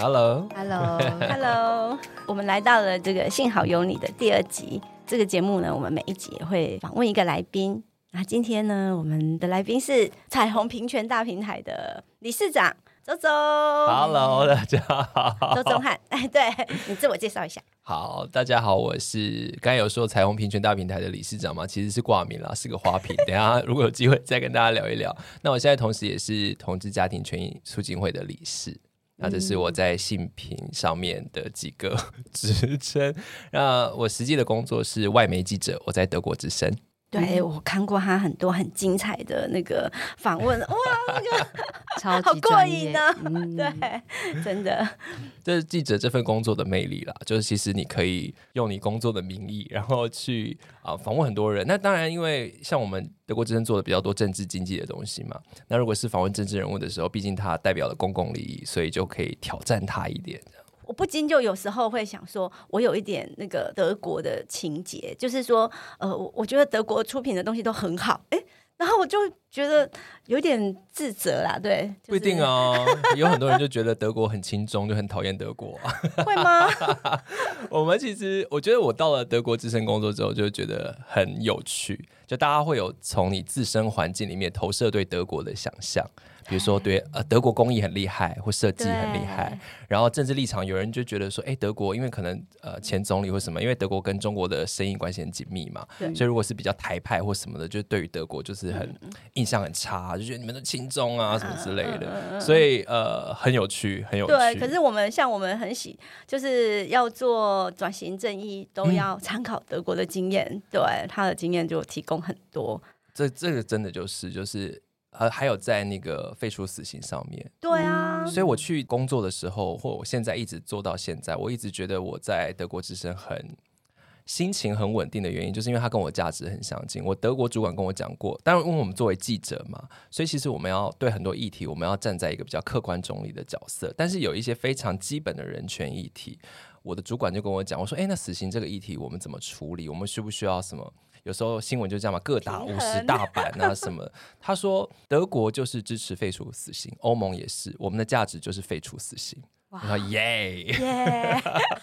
Hello，Hello，Hello！我們來到了這個性好有你的第二集。這個節目呢，我們每一集也會訪問一個來賓。那今天呢，我們的來賓是彩虹平權大平台的理事長鄒鄒。Hello，大家好，鄒宗翰，哎，對你自我介紹一下。好，大家好，我是剛有說彩虹平權大平台的理事長嘛，其實是掛名啦，是個花瓶。 等下如果有機會再跟大家聊一聊。那我現在同時也是同志家庭權益促進會的理事。那、嗯啊、這是我在性平上面的幾個職 稱，那、啊、我實際的工作是外媒記者，我在德國之聲。對，嗯、我看過他很多很精彩的那個訪問，哇，那個超級好過癮啊！嗯、對，真的，這是記者這份工作的魅力啦。就是其實你可以用你工作的名義，然後去啊訪問很多人。那當然，因為像我們德國之聲做的比較多政治經濟的東西嘛，那如果是訪問政治人物的時候，畢竟他代表了公共利益，所以就可以挑戰他一點。我不禁就有時候會想說，我有一點那個德國的情結，就是說，呃，我覺得德國出品的東西都很好，哎，然後我就覺得有點自責啦，對，就是，不一定哦。 有很多人就覺得德國很親中就很討厭德國， 會嗎？ 我們其實，我覺得我到了德國之聲工作之後，就覺得很有趣，就大家會有從你自身環境裡面投射對德國的想象。比如說，對，對，呃，德國工藝很厲害，或設計很厲害，對然後政治立場，有人就覺得說，哎，德國因為可能呃前總理或什麼，因為德國跟中國的生意關係很緊密嘛，對所以如果是比較台派或什麼的，就對於德國就是很印象很差，嗯、就覺得你們都親中啊什麼之類的，嗯、所以呃很有趣，很有趣。對，可是我們像我們很喜，就是要做轉型正義，都要參考德國的經驗，嗯、對他的經驗就提供很多。這這個真的就是就是。呃，還有在那個廢除死刑上面，對啊，所以我去工作的時候，或我現在一直做到現在，我一直覺得我在德國之聲很心情很穩定的原因，就是因為他跟我價值很相近。我德國主管跟我講過，當然因為我們作為記者嘛，所以其實我們要對很多議題，我們要站在一個比較客觀中立的角色。但是有一些非常基本的人權議題，我的主管就跟我講，我說：“哎、欸，那死刑這個議題，我們怎麼處理？我們需不需要什麼？”有時候新聞就這樣嘛，各打五十大板啊什麼。平衡 他說德國就是支持廢除死刑，歐 盟也是。我們的價值就是廢除死刑。哇我說耶！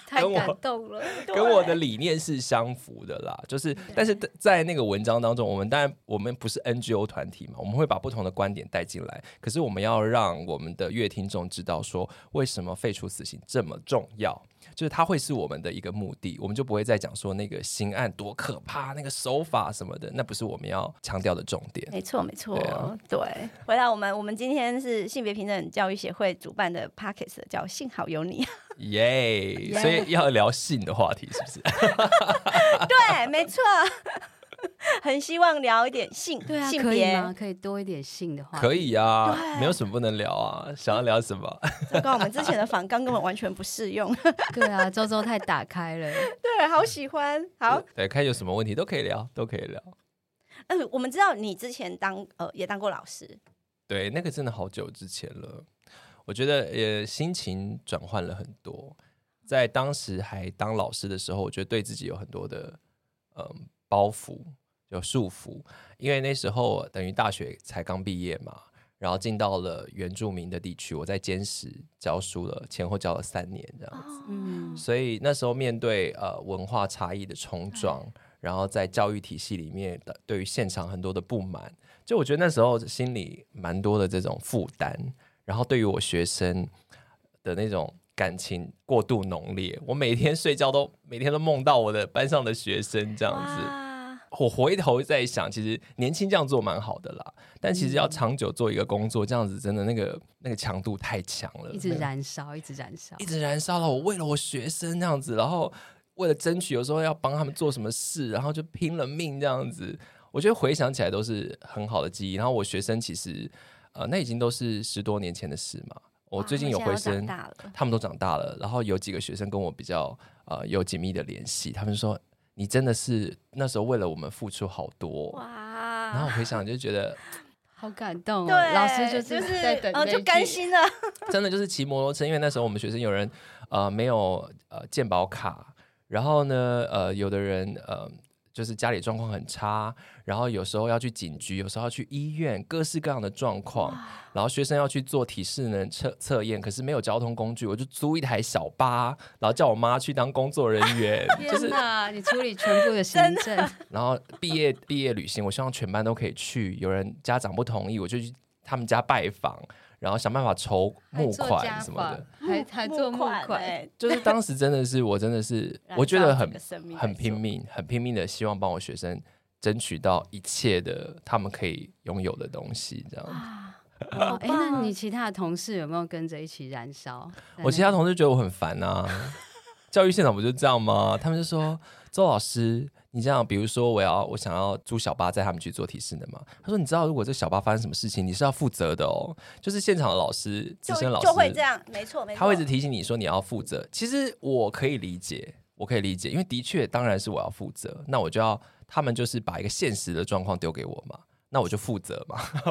太感動了， 跟我的理念是相符的啦。就是，對但是在那個文章當中，我們當然我們不是 NGO 團體嘛，我們會把不同的觀點帶進來。可是我們要讓我們的閱聽眾知道，說為什麼廢除死刑這麼重要。就是它會是我們的一個目的，我們就不會再講說那個刑案多可怕，那個手法什麼的，那不是我們要強調的重點。沒錯，沒錯，對，啊、對。回到我們，我們今天是性別平等教育協會主辦的 podcast 叫“性好有你”。耶，Yeah, Yeah. 所以要聊性的話題，是不是？ 對，沒錯。很希望聊一點性，對啊，性別可以嗎？可以多一點性的話，可以啊，對沒有什麼不能聊啊。想要聊什麼？剛 我們之前的訪綱根本完全不適用。 對啊，周周太打開了，對，好喜歡，好，對，看有什麼問題都可以聊，都可以聊。哎、嗯，我們知道你之前當呃也當過老師，對，那個真的好久之前了。我覺得也、呃、心情轉換了很多，在當時還當老師的時候，我覺得對自己有很多的嗯。呃包袱就束縛，因為那時候等於大學才剛畢業嘛，然後進到了原住民的地區，我在兼職教書了，前後教了三年這樣子，哦、所以那時候面對呃文化差異的衝撞，然後在教育體系裡面的對於現場很多的不滿，就我覺得那時候心裡蠻多的這種負擔，然後對於我學生的那種感情過度濃烈，我每天睡覺都每天都夢到我的班上的學生這樣子。我回頭再想，其實年輕這樣做蠻好的啦。但其實要長久做一個工作，這樣子真的那個那個強度太強了，一直燃燒，那個、一直燃燒，一直燃燒了。對我為了我學生這樣子，然後為了爭取，有時候要幫他們做什麼事，然後就拼了命這樣子。我覺得回想起來都是很好的記憶。然後我學生其實呃，那已經都是十多年前的事嘛。我最近有回聲，啊、他們都長大了。Okay. 然後有幾個學生跟我比較呃有緊密的聯繫，他們說。你真的是那時候為了我們付出好多哇，然後我回想就覺得 好感動，哦，對，老師就是呃就甘心了， 真的就是騎摩托車，因為那時候我們學生有人呃沒有呃健保卡，然後呢呃有的人呃。就是家裡狀況很差，然後有時候要去警局，有時候要去醫院，各式各樣的狀況。啊、然後學生要去做體適能測測驗，可是沒有交通工具，我就租一台小巴，然後叫我媽去當工作人員。啊、就是天哪，你處理全部的行政。 的然後畢業畢業旅行，我希望全班都可以去。有人家長不同意，我就去他們家拜訪。然後想辦法籌募款什麼的，還還做募款，就是當時真的是我真的是 我覺得很很拼命，很拼命的希望幫我學生爭取到一切的他們可以擁有的東西，這樣子。哎、啊 欸，那你其他的同事有沒有跟着一起燃燒？我其他同事覺得我很煩啊， 教育現場不就這樣嗎？他們就說：“鄒老師。”你這樣，比如說，我要我想要租小巴載他們去做體適能的嘛。他說，你知道如果這小巴發生什麼事情，你是要負責的哦。就是現場的老師、資深老師就，就會這樣，沒錯沒錯，他會一直提醒你說你要負責。其實我可以理解，我可以理解，因為的確當然是我要負責，那我就要他們就是把一個現實的狀況丟給我嘛。那我就負責嘛，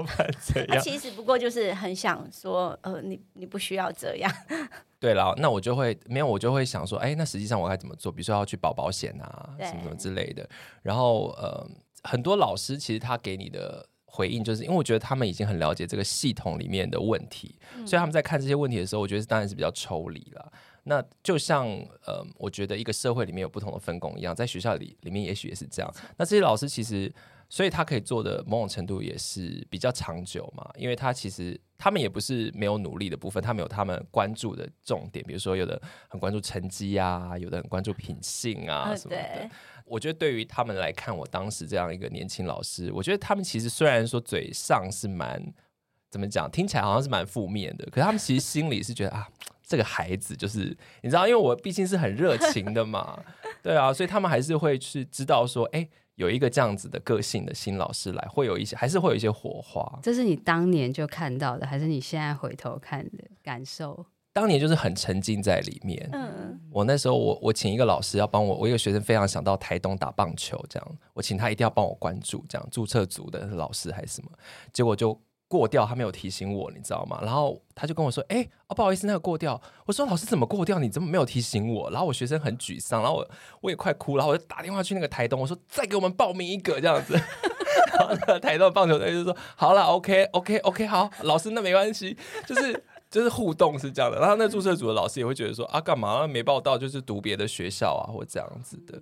他其實不過就是很想說，呃，你你不需要這樣。 對了，那我就會沒有，我就會想說，哎，那實際上我該怎麼做？比如說要去保保險啊，對什麼什麼之類的。然後，呃，很多老師其實他給你的回應，就是因為我覺得他們已經很了解這個系統裡面的問題，嗯、所以他們在看這些問題的時候，我覺得當然是比較抽離了。那就像，呃，我覺得一個社會裡面有不同的分工一樣，在學校裡裡面也許也是這樣。那這些老師其實。所以他可以做的某種程度也是比較長久嘛，因為他其實他們也不是沒有努力的部分，他們有他們關注的重點，比如說有的很關注成績啊，有的很關注品性啊什麼的。啊、對、我覺得對於他們來看，我當時這樣一個年輕老師，我覺得他們其實雖然說嘴上是蠻怎麼講，聽起來好像是蠻負面的，可是他們其實心裡是覺得 啊，這個孩子就是你知道，因為我畢竟是很熱情的嘛， 對啊，所以他們還是會去知道說，哎、欸。有一個這樣子的個性的新老師來，會有一些還是會有一些火花。這是你當年就看到的，還是你現在回頭看的感受？當年就是很沉浸在裡面。嗯，我那時候我我請一個老師要幫我，我一個學生非常想到台東打棒球，這樣我請他一定要幫我關注，這樣注冊組的老師還是什麼，結果就。過掉，他沒有提醒我，你知道嗎？然後他就跟我說：“哎、欸，哦，不好意思，那個過掉。”我說：“老師怎麼過掉？你怎麼沒有提醒我？”然後我學生很沮喪，然後我我也快哭了，然後我就打電話去那個台東，我說：“再給我們報名一個這樣子。”然後那個台東棒球隊就說：“好了，OK，OK，OK，OK, OK, OK, 好，老師那沒關係，就是就是互動是這樣的。”然後那個注冊組的老師也會覺得說：“啊，幹嘛沒報到？就是讀別的學校啊，或這樣子的。”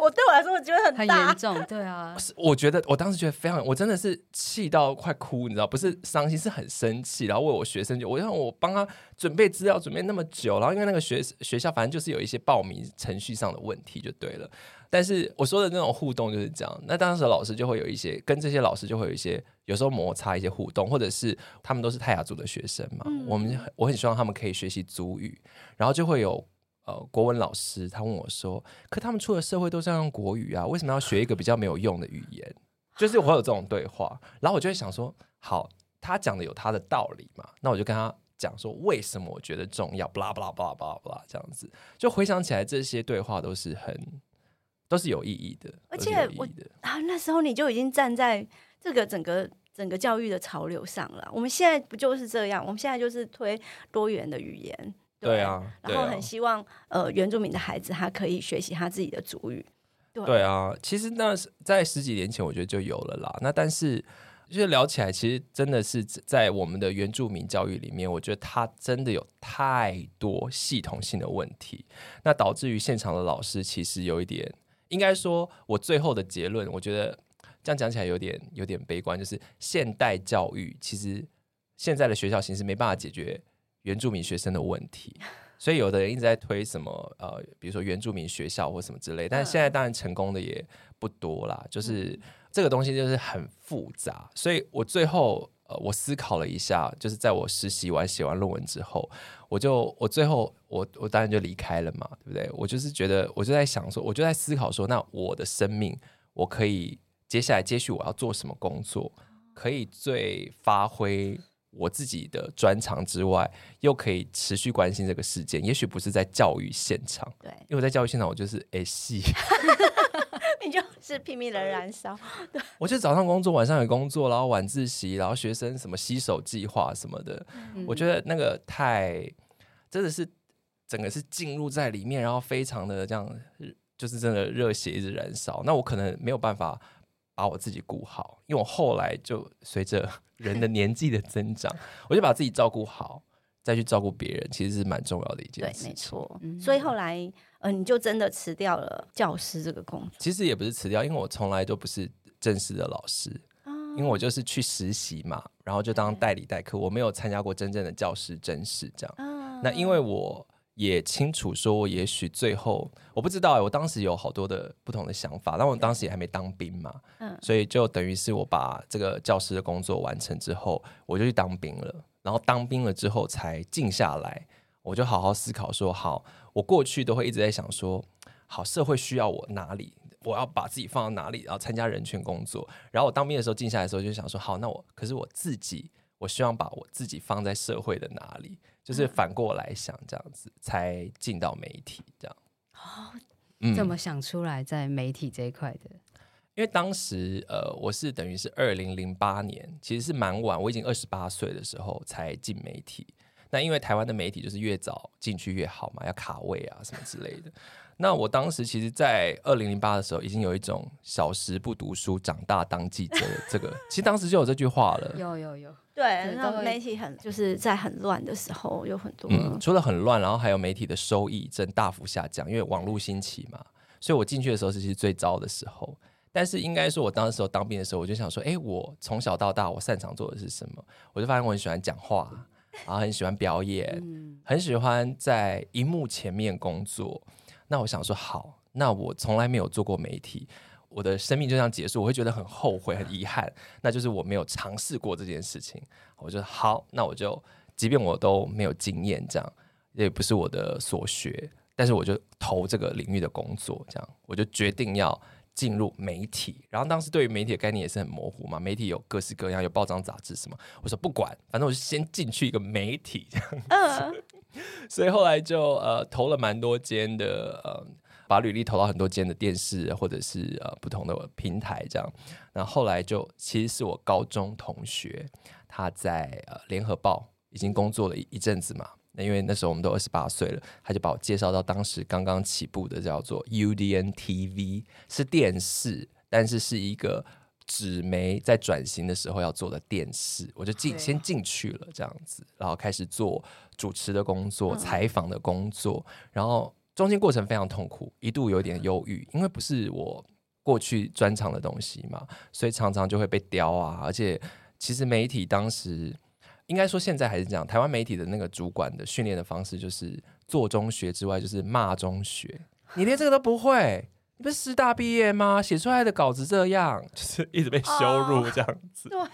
我對我來說，我覺得很很嚴重，對啊。是，我覺得我當時覺得非常，我真的是氣到快哭，你知道，不是傷心，是很生氣，然後為我學生就，我就我讓我幫他準備資料，準備那麼久，然後因為那個學學校，反正就是有一些報名程序上的問題就對了。但是我說的那種互動就是這樣，那當時老師就會有一些，跟這些老師就會有一些，有時候摩擦一些互動，或者是他們都是泰雅族的學生嘛，嗯、我們我很希望他們可以學習族語，然後就會有。呃，國文老師他問我說：“可他們出了社會都是用國語啊，為什麼要學一個比較沒有用的語言？”就是我有這種對話，然後我就會想說：“好，他講的有他的道理嘛。”那我就跟他講說：“為什麼我覺得重要？”巴拉巴拉巴拉巴拉巴拉這樣子，就回想起來這些對話都是很都是有意義的，都是有意義的。而且我啊，那時候你就已經站在這個整個整個教育的潮流上了。我們現在不就是這樣？我們現在就是推多元的語言。對，對，對啊，對啊，然後很希望呃，原住民的孩子他可以學習他自己的族語。對，對啊，其實那在十幾年前我覺得就有了啦。那但是就是聊起來，其實真的是在我們的原住民教育裡面，我覺得他真的有太多系統性的問題，那導致於現場的老師其實有一點，應該說我最後的結論，我覺得這樣講起來有點有點悲觀，就是現代教育其實現在的學校形式沒辦法解決原住民學生的問題，所以有的人一直在推什麼呃，比如說原住民學校或什麼之類，但是現在當然成功的也不多啦，就是、嗯、這個東西就是很複雜，所以我最後呃，我思考了一下，就是在我實習完寫完論文之後，我就我最後我我當然就離開了嘛，對不對？我就是覺得我就在想說，我就在思考說，那我的生命我可以接下來接續我要做什麼工作，可以最發揮。我自己的專長之外，又可以持續關心這個事件，也許不是在教育現場。對，因為我在教育現場，我就是哎，戲 你就是拼命的燃燒。對，我就早上工作，晚上有工作，然後晚自習，然後學生什麼洗手計劃什麼的，嗯、哼我覺得那個太真的是整個是進入在裡面，然後非常的這樣，就是真的熱血一直燃燒。那我可能沒有辦法把我自己顧好，因為我後來就隨着。人的年紀的增長，是我就把自己照顧好，再去照顧別人，其實是蠻重要的一件事。對，沒錯。嗯、所以後來，嗯、呃，你就真的辭掉了教師這個工作。其實也不是辭掉，因為我從來都不是正式的老師，嗯、因為我就是去實習嘛，然後就當代理代課，嗯、我沒有參加過真正的教師甄試，這樣。嗯、那因為我。也清楚說，也許最後我不知道、欸，我當時有好多的不同的想法。那我當時也還沒當兵嘛，嗯，所以就等於是我把這個教師的工作完成之後，我就去當兵了。然後當兵了之後才靜下來，我就好好思考說，好，我過去都會一直在想說，好，社會需要我哪裡，我要把自己放到哪裡，然後參加人群工作。然後我當兵的時候靜下來的時候，就想說，好，那我可是我自己，我希望把我自己放在社會的哪裡。就是反過來想，這樣子、嗯、才進到媒體這樣。哦，怎麼想出來、嗯、在媒體這一塊的？因為當時呃，我是等於是二零零八年，其實是蠻晚，我已經二十八歲的時候才進媒體。那因為台灣的媒體就是越早進去越好嘛，要卡位啊什麼之類的。 那我當時其實，在二零零八的時候，已經有一種小時不讀書，長大當記者。這個其實當時就有這句話了。有有有，對，那媒體很就是在很亂的時候，有很多。除了很亂，然後還有媒體的收益正大幅下降，因為網絡興起嘛。所以我進去的時候是其實最糟的時候。但是應該說，我當時時候當兵的時候，我就想說，誒，我從小到大，我擅長做的是什麼？我就發現我很喜歡講話，然後很喜歡表演，很喜歡在熒幕前面工作。那我想說好，那我從來沒有做過媒體，我的生命就這樣結束，我會覺得很後悔，很遺憾。那就是我沒有嘗試過這件事情。我說好，那我就即便我都沒有經驗，這樣也不是我的所學，但是我就投這個領域的工作，這樣我就決定要進入媒體。然後當時對於媒體的概念也是很模糊嘛，媒體有各式各樣，有報章、雜誌什麼。我說不管，反正我就先進去一個媒體這樣子。Uh. 所以後來就呃投了蠻多間的呃，把履歷投到很多間的電視或者是呃不同的平台這樣。然後後來就其實是我高中同學，他在呃聯合報已經工作了一一陣子嘛。那因為那時候我們都二十八歲了，他就把我介紹到當時剛剛起步的叫做 UDNTV，是電視，但是是一個。紙媒在轉型的時候要做的電視，我就進先進去了這樣子，然後開始做主持的工作、採訪的工作，嗯、然後中間過程非常痛苦，一度有點憂鬱，嗯、因為不是我過去專長的東西嘛，所以常常就會被刁啊，而且其實媒體當時應該說現在還是這樣，台灣媒體的那個主管的訓練的方式就是做中學之外就是罵中學，嗯、你連這個都不會。不是師大畢業嗎？寫出來的稿子這樣，就是一直被羞辱這樣子。哦，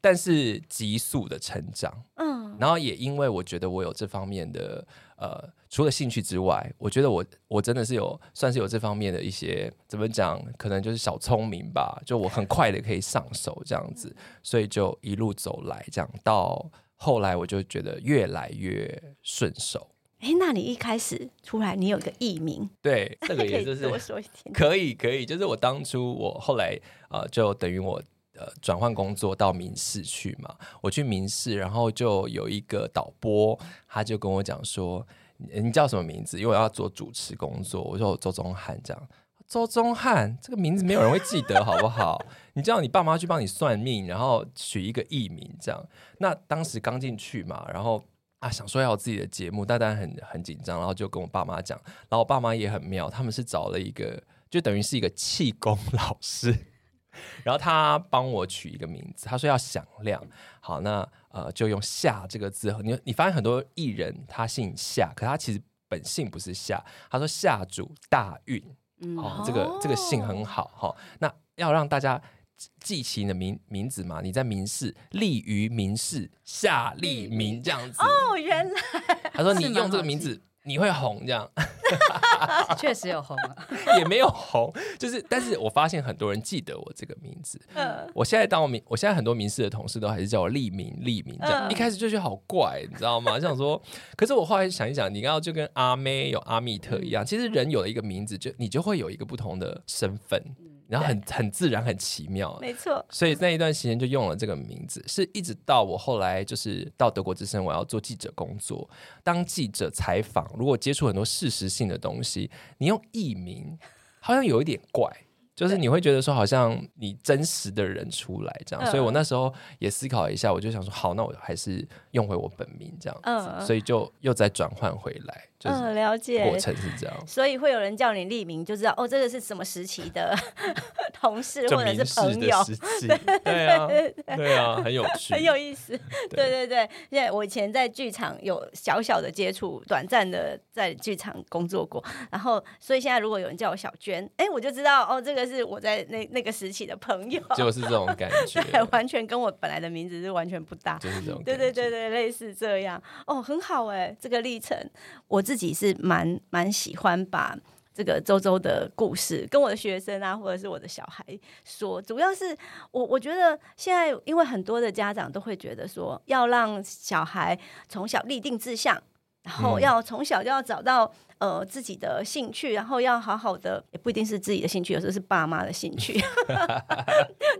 但是急速的成長，嗯，然後也因為我覺得我有這方面的呃，除了興趣之外，我覺得我我真的是有算是有這方面的一些怎麼講，可能就是小聰明吧。就我很快的可以上手這樣子，所以就一路走來，這樣到後來我就覺得越來越順手。誒、欸，那你一開始出來，你有一個藝名？對，這個也就是我 可以多說一點點。可以，可以，就是我當初我後來呃，就等於我呃轉換工作到民視去嘛，我去民視，然後就有一個導播，他就跟我講說你，你叫什麼名字？因為我要做主持工作，我說我鄒宗翰這樣，鄒宗翰這個名字沒有人會記得，好不好？ 你叫你爸媽去幫你算命，然後取一個藝名這樣。那當時剛進去嘛，然後。啊，想說要有自己的節目，大家很很緊張，然後就跟我爸媽講，然後我爸媽也很妙，他們是找了一個，就等於是一個氣功老師，然後他幫我取一個名字，他說要響亮，好，那呃就用夏這個字，你你發現很多藝人他姓夏，可他其實本姓不是夏，他說夏主大運，哦，這個這個姓很好哈，哦，那要讓大家。記起你的名名字嗎？你在民事立於民事夏立民這樣子哦，原來他說你用這個名字你會紅這樣，確 實有紅，啊，也沒有紅，就是但是我發現很多人記得我這個名字。嗯、我現在當我名，我現在很多民事的同事都還是叫我立民立民這樣，嗯、一開始就覺得好怪，你知道嗎？想說，可是我後來想一想，你剛剛就跟阿妹有阿密特一樣，嗯、其實人有了一個名字，就你就會有一個不同的身份。然後很對很自然，很奇妙，沒錯錯。所以那一段時間就用了這個名字，嗯、是一直到我後來就是到德國之聲，我要做記者工作，當記者採訪，如果接觸很多事實性的東西，你用藝名好像有一點怪， 就是你會覺得說好像你真實的人出來這樣。對所以我那時候也思考一下，我就想說，好，那我還是用回我本名這樣子，嗯、所以就又再轉換回來。嗯，了解過程是這樣，所以會有人叫你立民，就知道 哦，這個是什麼時期的同事或者是朋友？ 對啊，對啊 很有趣， 很有意思。對，對對對，現在我以前在劇場有小小的接觸，短暫的在劇場工作過，然後所以現在如果有人叫我小娟，哎、欸，我就知道哦，這個是我在那那個時期的朋友，就是這種感覺 對，完全跟我本來的名字是完全不搭，就是這種，對對對對，類似這樣。哦，很好哎、欸，這個歷程，我知。自己是蠻蠻喜歡把這個鄒鄒的故事跟我的學生啊，或者是我的小孩說，主要是我我覺得現在因為很多的家長都會覺得說，要讓小孩從小立定志向。然後要從小就要找到呃自己的興趣，然後要好好的，也不一定是自己的興趣，有時候是爸媽的興趣，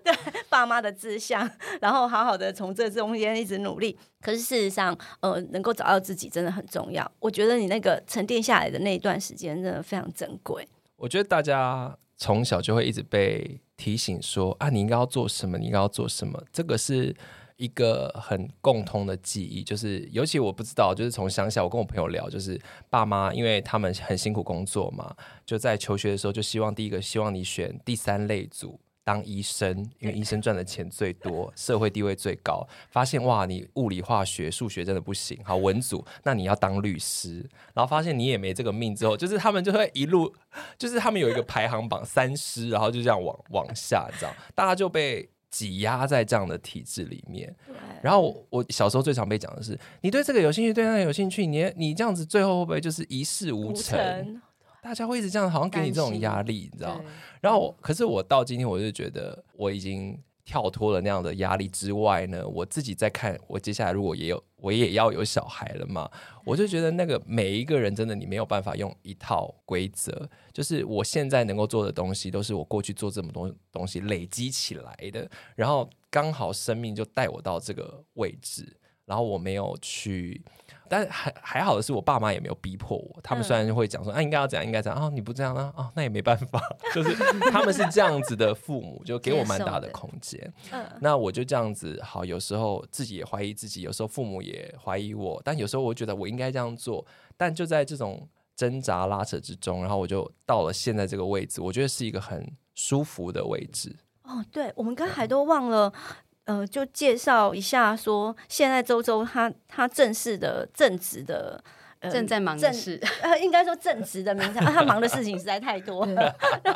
對，爸媽的志向，然後好好的從這中間一直努力。可是事實上，呃，能夠找到自己真的很重要。我覺得你那個沉澱下來的那一段時間真的非常珍貴。我覺得大家從小就會一直被提醒說啊，你應該要做什麼，你應該要做什麼，這個是，一個很共同的記憶，就是尤其我不知道，就是從鄉下，我跟我朋友聊，就是爸媽因為他們很辛苦工作嘛，就在求學的時候就希望第一個希望你選第三類組當醫生，因為醫生賺的錢最多，社會地位最高。發現哇，你物理、化學、數學真的不行，好，文組，那你要當律師，然後發現你也沒這個命，之後就是他們就會一路，就是他們有一個排行榜，三師，然後就這樣往往下，你知道，這樣大家就被擠壓在這樣的體制裡面，對然後我，我小時候最常被講的是，你對這個有興趣，對那個有興趣，你你這樣子最後會不會就是一事無成？無成大家會一直這樣，好像給你這種壓力，是你知道？對然後可是我到今天，我就覺得我已經跳脫了那樣的壓力之外呢，我自己在看，我接下來如果也有。我也要有小孩了嘛，我就覺得那個每一個人真的，你沒有辦法用一套規則。就是我現在能夠做的東西，都是我過去做這麼多東西累積起來的，然後剛好生命就帶我到這個位置。然後我沒有去，但還還好的是我爸媽也沒有逼迫我，他們雖然會講說、嗯、啊應該要怎樣，應該怎樣啊你不這樣呢啊，啊那也沒辦法，就是他們是這樣子的父母， 就給我蠻大的空間。嗯、那我就這樣子，好，有時候自己也懷疑自己，有時候父母也懷疑我，但有時候我覺得我應該這樣做。但就在這種掙扎拉扯之中，然後我就到了現在這個位置，我覺得是一個很舒服的位置。哦，對，我們剛才都忘了。嗯呃，就介紹一下說，現在周周他他正式的正職的、呃、正在忙的正式呃，應該說正職的名稱、 啊，他忙的事情實在太多了。 對，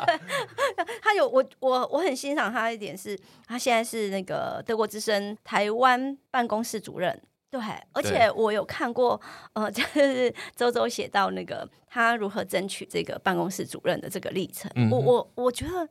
他有我我我很欣賞他一點是，他現在是那個德國之聲台灣辦公室主任。對，而且我有看過，對呃，就是周周寫到那個他如何爭取這個辦公室主任的這個歷程。嗯、哼我我我覺得。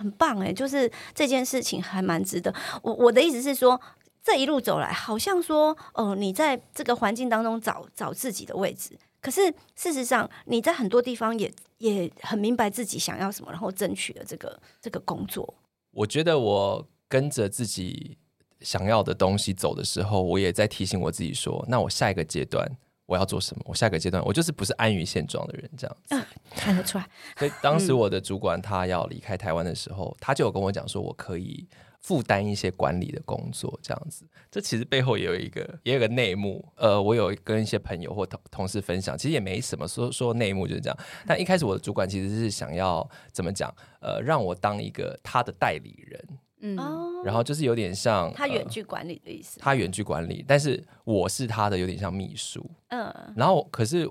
很棒欸，就是這件事情還蠻值得。我我的意思是說，這一路走來，好像說哦，你在這個環境當中找找自己的位置。可是事實上，你在很多地方也也很明白自己想要什麼，然後爭取了這個這個工作。我覺得我跟着自己想要的東西走的時候，我也在提醒我自己說，那我下一個階段。我要做什麼？我下個階段，我就是不是安於現狀的人，這樣子，啊、看得出來。 所以當時我的主管他要離開台灣的時候，嗯、他就有跟我講說，我可以負擔一些管理的工作，這樣子。這其實背後也有一個，也有個內幕。呃，我有跟一些朋友或同同事分享，其實也沒什麼說說內幕，就是這樣。但一開始我的主管其實是想要怎麼講？呃，讓我當一個他的代理人。嗯，然後就是有點像他遠距管理的意思，呃。他遠距管理，但是我是他的有點像秘書。嗯，然後可是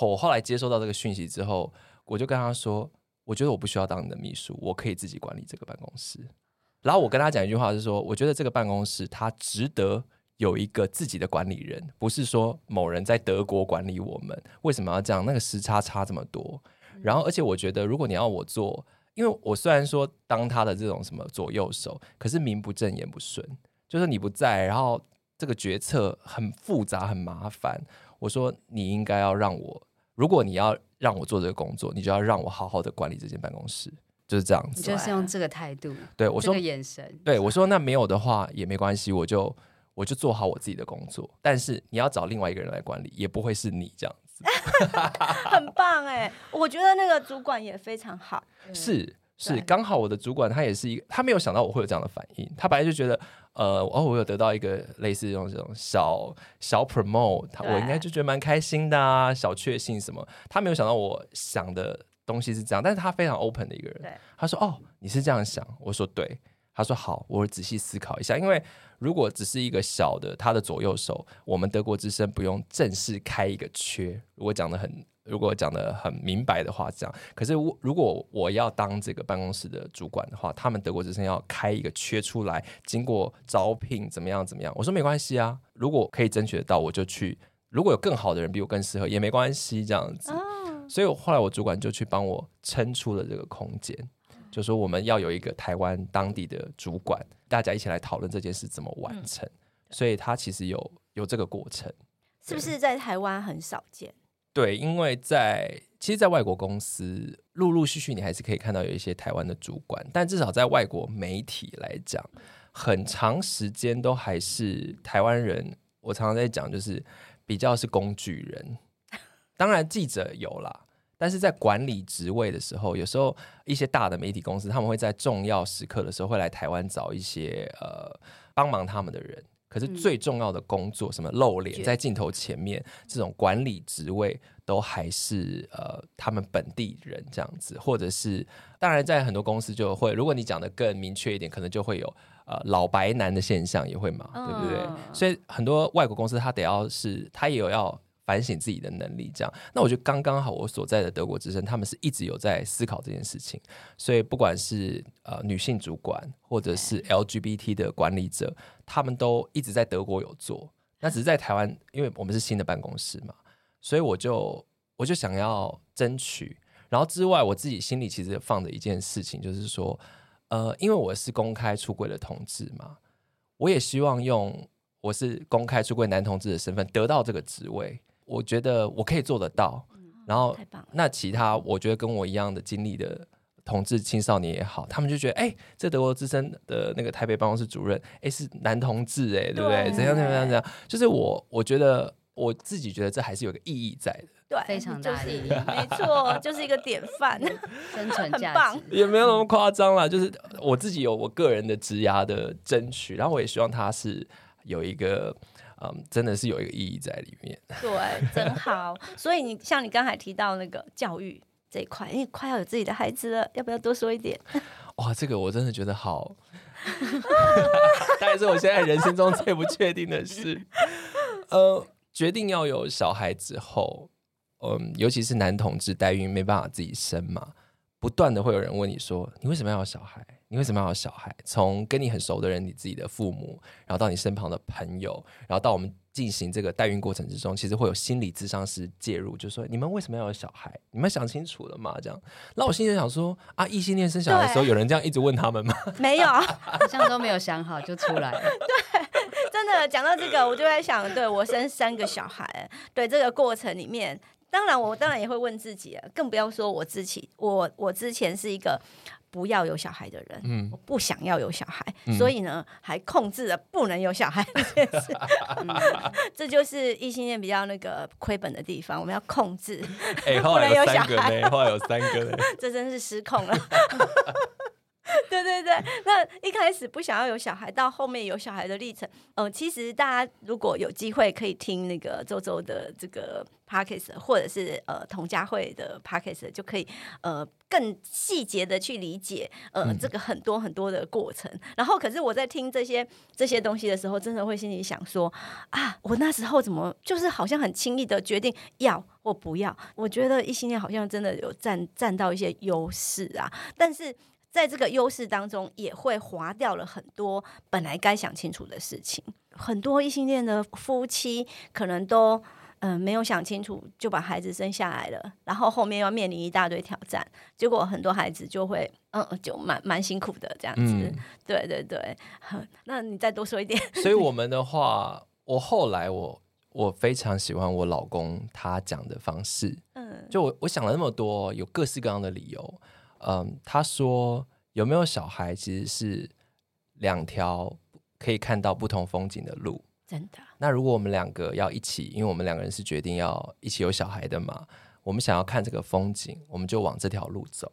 我後來接收到這個訊息之後，我就跟他說，我覺得我不需要當你的秘書，我可以自己管理這個辦公室。然後我跟他講一句話，是說，我覺得這個辦公室他值得有一個自己的管理人，不是說某人在德國管理我們，為什麼要這樣？那個時差差這麼多，然後而且我覺得如果你要我做。因為我雖然說當他的這種什麼左右手，可是名不正言不順，就是你不在，然後這個決策很複雜很麻煩。我說你應該要讓我，如果你要讓我做這個工作，你就要讓我好好的管理這間辦公室，就是這樣子。你就是用這個態度，對我說眼神，對我說那沒有的話也沒關係，我就我就做好我自己的工作，但是你要找另外一個人來管理，也不會是你這樣。 很棒誒耶， 我覺得那個主管也非常好。是、嗯、是，剛好我的主管他也是一個，他沒有想到我會有這樣的反應。他本來就覺得，呃，哦，我有得到一個類似這種這種小小 promote，他對我應該就覺得蠻開心的啊，小確幸什麼。他沒有想到我想的東西是這樣，但是他非常 open 的一個人。對他說：“哦，你是這樣想？”我說：“對。”他說：“好，我仔細思考一下，因為。”如果只是一個小的，他的左右手，我們德國之聲不用正式開一個缺。如果講的很，如果講的很明白的話，這樣。可是我，如果我要當這個辦公室的主管的話，他們德國之聲要開一個缺出來，經過招聘怎麼樣怎麼樣。我說沒關係啊，如果可以爭取得到，我就去。如果有更好的人比我更適合，也沒關係，這樣子。所以後來我主管就去幫我撐出了這個空間。就說我們要有一個台灣當地的主管，大家一起來討論這件事怎麼完成。嗯、所以他其實有有這個過程，是不是在台灣很少見？對，因為在其實，在外國公司陸陸續續，你還是可以看到有一些台灣的主管，但至少在外國媒體來講，很長時間都還是台灣人。我常常在講，就是比較是工具人， 當然記者有啦。但是在管理職位的時候，有時候一些大的媒體公司，他們會在重要時刻的時候會來台灣找一些呃幫忙他們的人。可是最重要的工作，嗯、什麼露臉對在鏡頭前面，這種管理職位都還是呃他們本地人這樣子，或者是當然在很多公司就會，如果你講的更明確一點，可能就會有呃老白男的現象也會嘛，嗯、對不對？所以很多外國公司他得要是他也有要。反省自己的能力，這樣，那我覺得剛剛好，我所在的德國之聲，他們是一直有在思考這件事情，所以不管是呃女性主管，或者是 LGBT 的管理者，他們都一直在德國有做，那只是在台灣，因為我們是新的辦公室嘛，所以我就我就想要爭取，然後之外，我自己心裡其實放着一件事情，就是說，呃，因為我是公開出櫃的同志嘛，我也希望用我是公開出櫃男同志的身份得到這個職位。我覺得我可以做得到，嗯、然後那其他我覺得跟我一樣的經歷的同志青少年也好，他們就覺得哎、欸，這德國之聲的那個台北辦公室主任，哎、欸、是男同志哎，對不對？對怎樣怎樣怎樣。就是我我覺得我自己覺得這還是有個意義在，的，對，非常大意義，就是，沒錯，就是一個典範， 真的很棒，也沒有那麼誇張啦。嗯、就是我自己有我個人的職涯的爭取，然後我也希望他是有一個。嗯，um, 真的是有一個意義在裡面。對，真好。所以你像你剛才提到那個教育這一塊，因為快要有自己的孩子了，要不要多說一點？哇，這個我真的覺得好， 但是我現在人生中最不確定的是， 呃，決定要有小孩之後，嗯、呃，尤其是男同志代孕沒辦法自己生嘛，不斷的會有人問你說，你為什麼要有小孩？你為什麼要有小孩？從跟你很熟的人，你自己的父母，然後到你身旁的朋友，然後到我們進行這個代孕過程之中，其實會有心理諮商師介入，就說你們為什麼要有小孩？你們想清楚了嗎？這樣。那我心裡就想說啊，異性戀生小孩的時候，對有人這樣一直問他們嗎？沒有，好 像都沒有想好就出來了。 對，真的講到這個，我就在想，對我生三個小孩，對這個過程裡面，當然我當然也會問自己，更不要說我自己，我我之前是一個。不要有小孩的人，嗯、我不想要有小孩，嗯、所以呢，還控制了不能有小孩這件事。這就是異性戀比較那個虧本的地方，我們要控制，不能有小孩。欸，後來有三個呢 後來有三個呢。這真是失控了。 對對對，那一開始不想要有小孩，到後面有小孩的歷程，嗯、呃，其實大家如果有機會可以聽那個周周的這個 podcast 或者是呃同家會的 podcast 就可以呃更細節的去理解呃這個很多很多的過程。嗯、然後，可是我在聽這些這些東西的時候，真的會心裡想說啊，我那時候怎麼就是好像很輕易的決定要或不要？我覺得異性戀好像真的有占占到一些優勢啊，但是。在這個優勢當中，也會劃掉了很多本來該想清楚的事情。很多異性戀的夫妻可能都嗯、呃、沒有想清楚，就把孩子生下來了，然後後面要面臨一大堆挑戰，結果很多孩子就會嗯就蠻蠻辛苦的這樣子。嗯、對對對，那你再多說一點。所以我們的話，我後來我我非常喜歡我老公他講的方式，嗯，就我我想了那麼多，有各式各樣的理由。嗯，他說有沒有小孩其實是兩條可以看到不同風景的路。真的。那如果我們兩個要一起，因為我們兩個人是決定要一起有小孩的嘛，我們想要看這個風景，我們就往這條路走，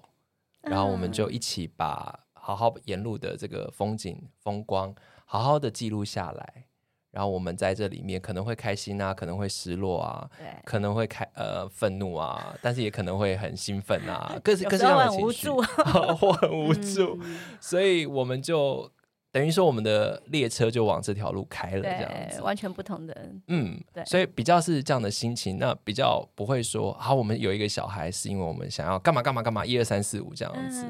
然後我們就一起把好好沿路的這個風景風光好好的記錄下來。然後我們在這裡面可能會開心啊，可能會失落啊，對可能會開呃憤怒啊，但是也可能會很興奮啊，各 是各是很無助，我 很無助，嗯、所以我們就等於說我們的列車就往這條路開了，對這樣完全不同的嗯，對，所以比較是這樣的心情，那比較不會說好、啊，我們有一個小孩是因為我們想要幹嘛幹嘛幹嘛一二三四五這樣子，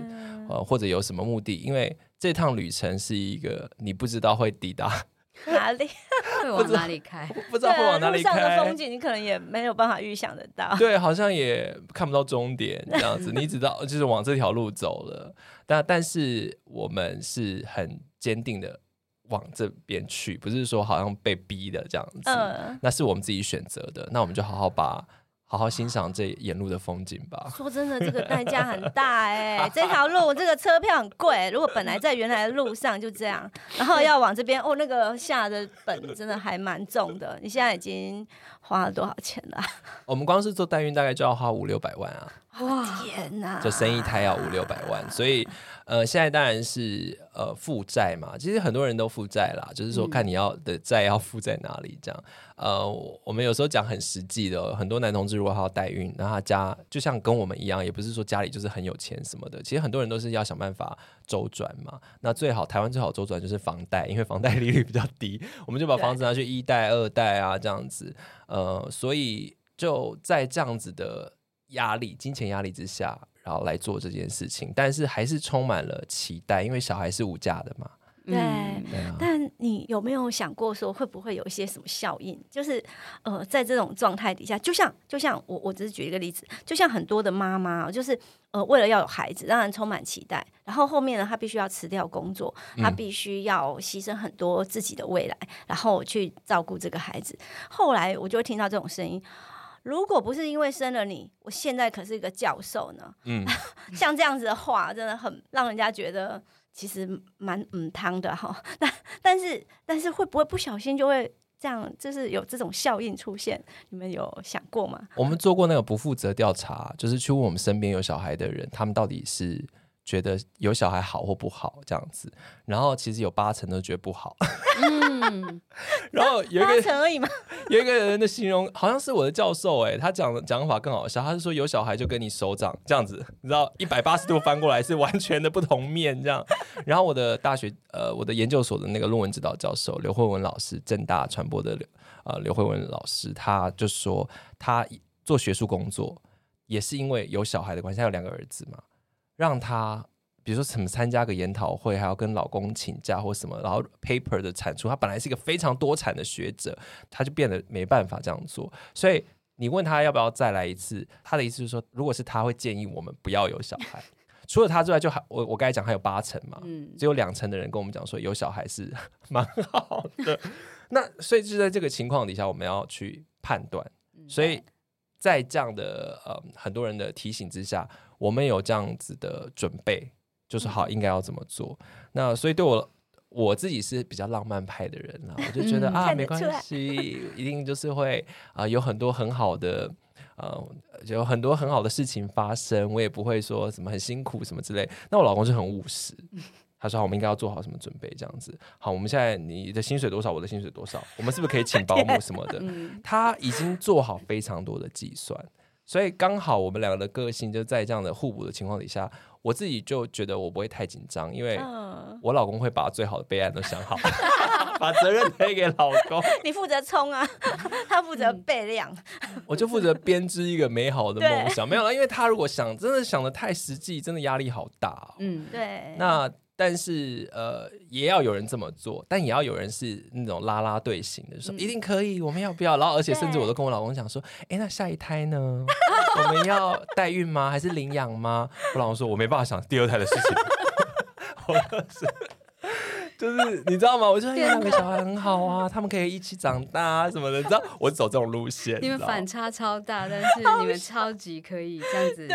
呃、嗯，或者有什麼目的，因為這趟旅程是一個你不知道會抵達。哪裡？ 不知道，會往哪裡開？不知道會往哪裡開。啊、路上的風景，你可能也沒有辦法預想得到。 對，好像也看不到終點這樣子。你知道，就是往這條路走了，但 但是我們是很堅定的往這邊去，不是說好像被逼的這樣子。呃、那是我們自己選擇的。那我們就好好把。好好欣賞這沿路的風景吧。說真的，這個代價很大哎、欸， 這條路這個車票很貴。如果本來在原來的路上就這樣，然後要往這邊哦，那個下的本真的還蠻重的。你現在已經。花了多少錢呢？我們光是做代孕，大概就要花五六百萬啊！哇，天哪！就生一胎要五六百萬，所以呃，現在當然是呃負債嘛。其實很多人都負債啦，就是說看你要的債要負在哪裡這樣。呃，我們有時候講很實際的，很多男同志如果要代孕，那他家就像跟我們一樣，也不是說家裡就是很有錢什麼的。其實很多人都是要想辦法。週轉嘛，那最好台灣最好週轉就是房貸，因為房貸利率比較低，我們就把房子拿去一貸、二貸啊這樣子。對呃，所以就在這樣子的壓力、金錢壓力之下，然後來做這件事情，但是還是充滿了期待，因為小孩是無價的嘛。對，嗯對啊、但你有沒有想過說會不會有一些什麼效應？就是呃，在這種狀態底下，就像就像我，我只是舉一個例子，就像很多的媽媽，就是呃，為了要有孩子，讓人充滿期待，然後後面呢，她必須要辭掉工作，嗯、她必須要犧牲很多自己的未來，然後去照顧這個孩子。後來我就聽到這種聲音：如果不是因為生了你，我現在可是一個教授呢。嗯， 像這樣子的話，真的很讓人家覺得。其實蠻嗯湯的哈，但但是但是會不會不小心就會這樣，就是有這種效應出現？你們有想過嗎？我們做過那個不負責調查，就是去問我們身邊有小孩的人，他們到底是。覺得有小孩好或不好這樣子，然後其實有八成都覺得不好。嗯， 然後有一個有一個人的形容好像是我的教授，欸，哎，他講的講法更好笑。他是說有小孩就跟你手掌這樣子，你知道，一百八十度翻過來是完全的不同面這樣。 然後我的大學呃，我的研究所的那個論文指導教授劉慧文老師，政大傳播的劉呃劉慧文老師，他就說他做學術工作也是因為有小孩的關係，他有兩個兒子嘛，讓他比如說什麼參加個研討會，還要跟老公請假或什麼，然後 paper 的產出，他本來是一個非常多產的學者，他就變得沒辦法這樣做。所以你問他要不要再來一次，他的意思就是說，如果是他會建議我們不要有小孩。除了他之外，就還我我剛才講還有八成嘛，只有兩成的人跟我們講說有小孩是蠻好的。那所以就在這個情況底下，我們要去判斷。所以在這樣的呃很多人的提醒之下。我們有這樣子的準備，就是好應該要怎麼做。嗯、那所以對我我自己是比較浪漫派的人啊，我就覺得、嗯、看得出來、啊沒關係， 一定就是會啊、呃、有很多很好的呃有很多很好的事情發生，我也不會說什麼很辛苦什麼之類。那我老公就很務實，嗯、他說我們應該要做好什麼準備這樣子。好，我們現在你的薪水多少，我的薪水多少，我們是不是可以請保姆什麼的？嗯、他已經做好非常多的計算。所以剛好我們兩個的個性就在這樣的互補的情況底下，我自己就覺得我不會太緊張，因為我老公會把最好的備案都想好，嗯、 把責任推給老公，你負責衝啊，他負責備量，嗯、我就負責編織一個美好的夢想。沒有啊，因為他如果想真的想得太實際，真的壓力好大哦。嗯，對。那。但是，呃，也要有人這麼做，但也要有人是那種啦啦隊型的，說、嗯、一定可以，我們要不要？然後，而且甚至我都跟我老公講說：“哎對，那下一胎呢？ 我們要代孕嗎？還是領養嗎？”我老公說：“我沒辦法想第二胎的事情。” 就是你知道嗎？我覺得有兩個小孩很好啊，他們可以一起長大，啊，什麼的。你知道我走這種路線，你們反差超大， 但是你們超級可以這樣子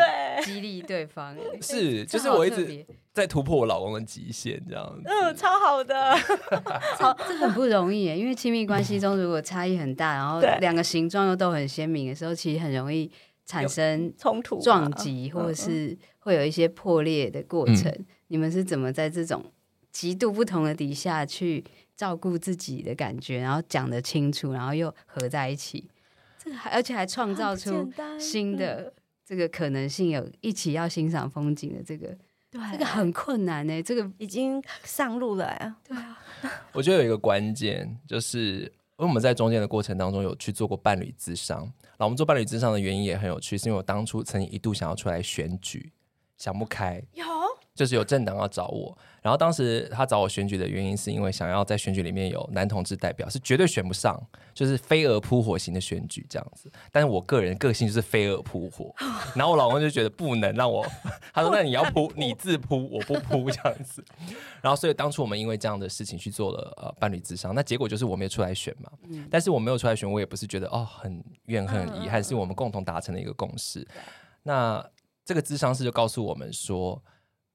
激勵對方。是，就是我一直。在突破我老公的極限，這樣子，嗯，超好的， 這好，這很不容易，因為親密關係中，如果差異很大，然後兩個形狀又都很鮮明的時候，對其實很容易產生衝突、啊、撞擊，或者是會有一些破裂的過程。嗯、你們是怎麼在這種極度不同的底下去照顧自己的感覺，然後講得清楚，然後又合在一起？而且還創造出新的這個可能性，有一起要欣賞風景的這個。啊、這個很困難哎、欸，這個已經上路了哎、欸，對啊， 我覺得有一個關鍵就是，因為我們在中間的過程當中有去做過伴侶諮商，然後我們做伴侶諮商的原因也很有趣，是因為我當初曾經一度想要出來選舉。想不開，有就是有政黨要找我，然後當時他找我選舉的原因是因為想要在選舉裡面有男同志代表，是絕對選不上，就是飛蛾撲火型的選舉這樣子。但是我個人個性就是飛蛾撲火，然後我老公就覺得不能讓我， 他說，那你要撲你自撲，我不撲這樣子。然後所以當初我們因為這樣的事情去做了呃伴侶諮商，那結果就是我沒有出來選嘛，嗯、但是我沒有出來選，我也不是覺得哦很怨恨遺憾，嗯嗯是我們共同達成的一個共識。對那。這個諮商是就告訴我們說，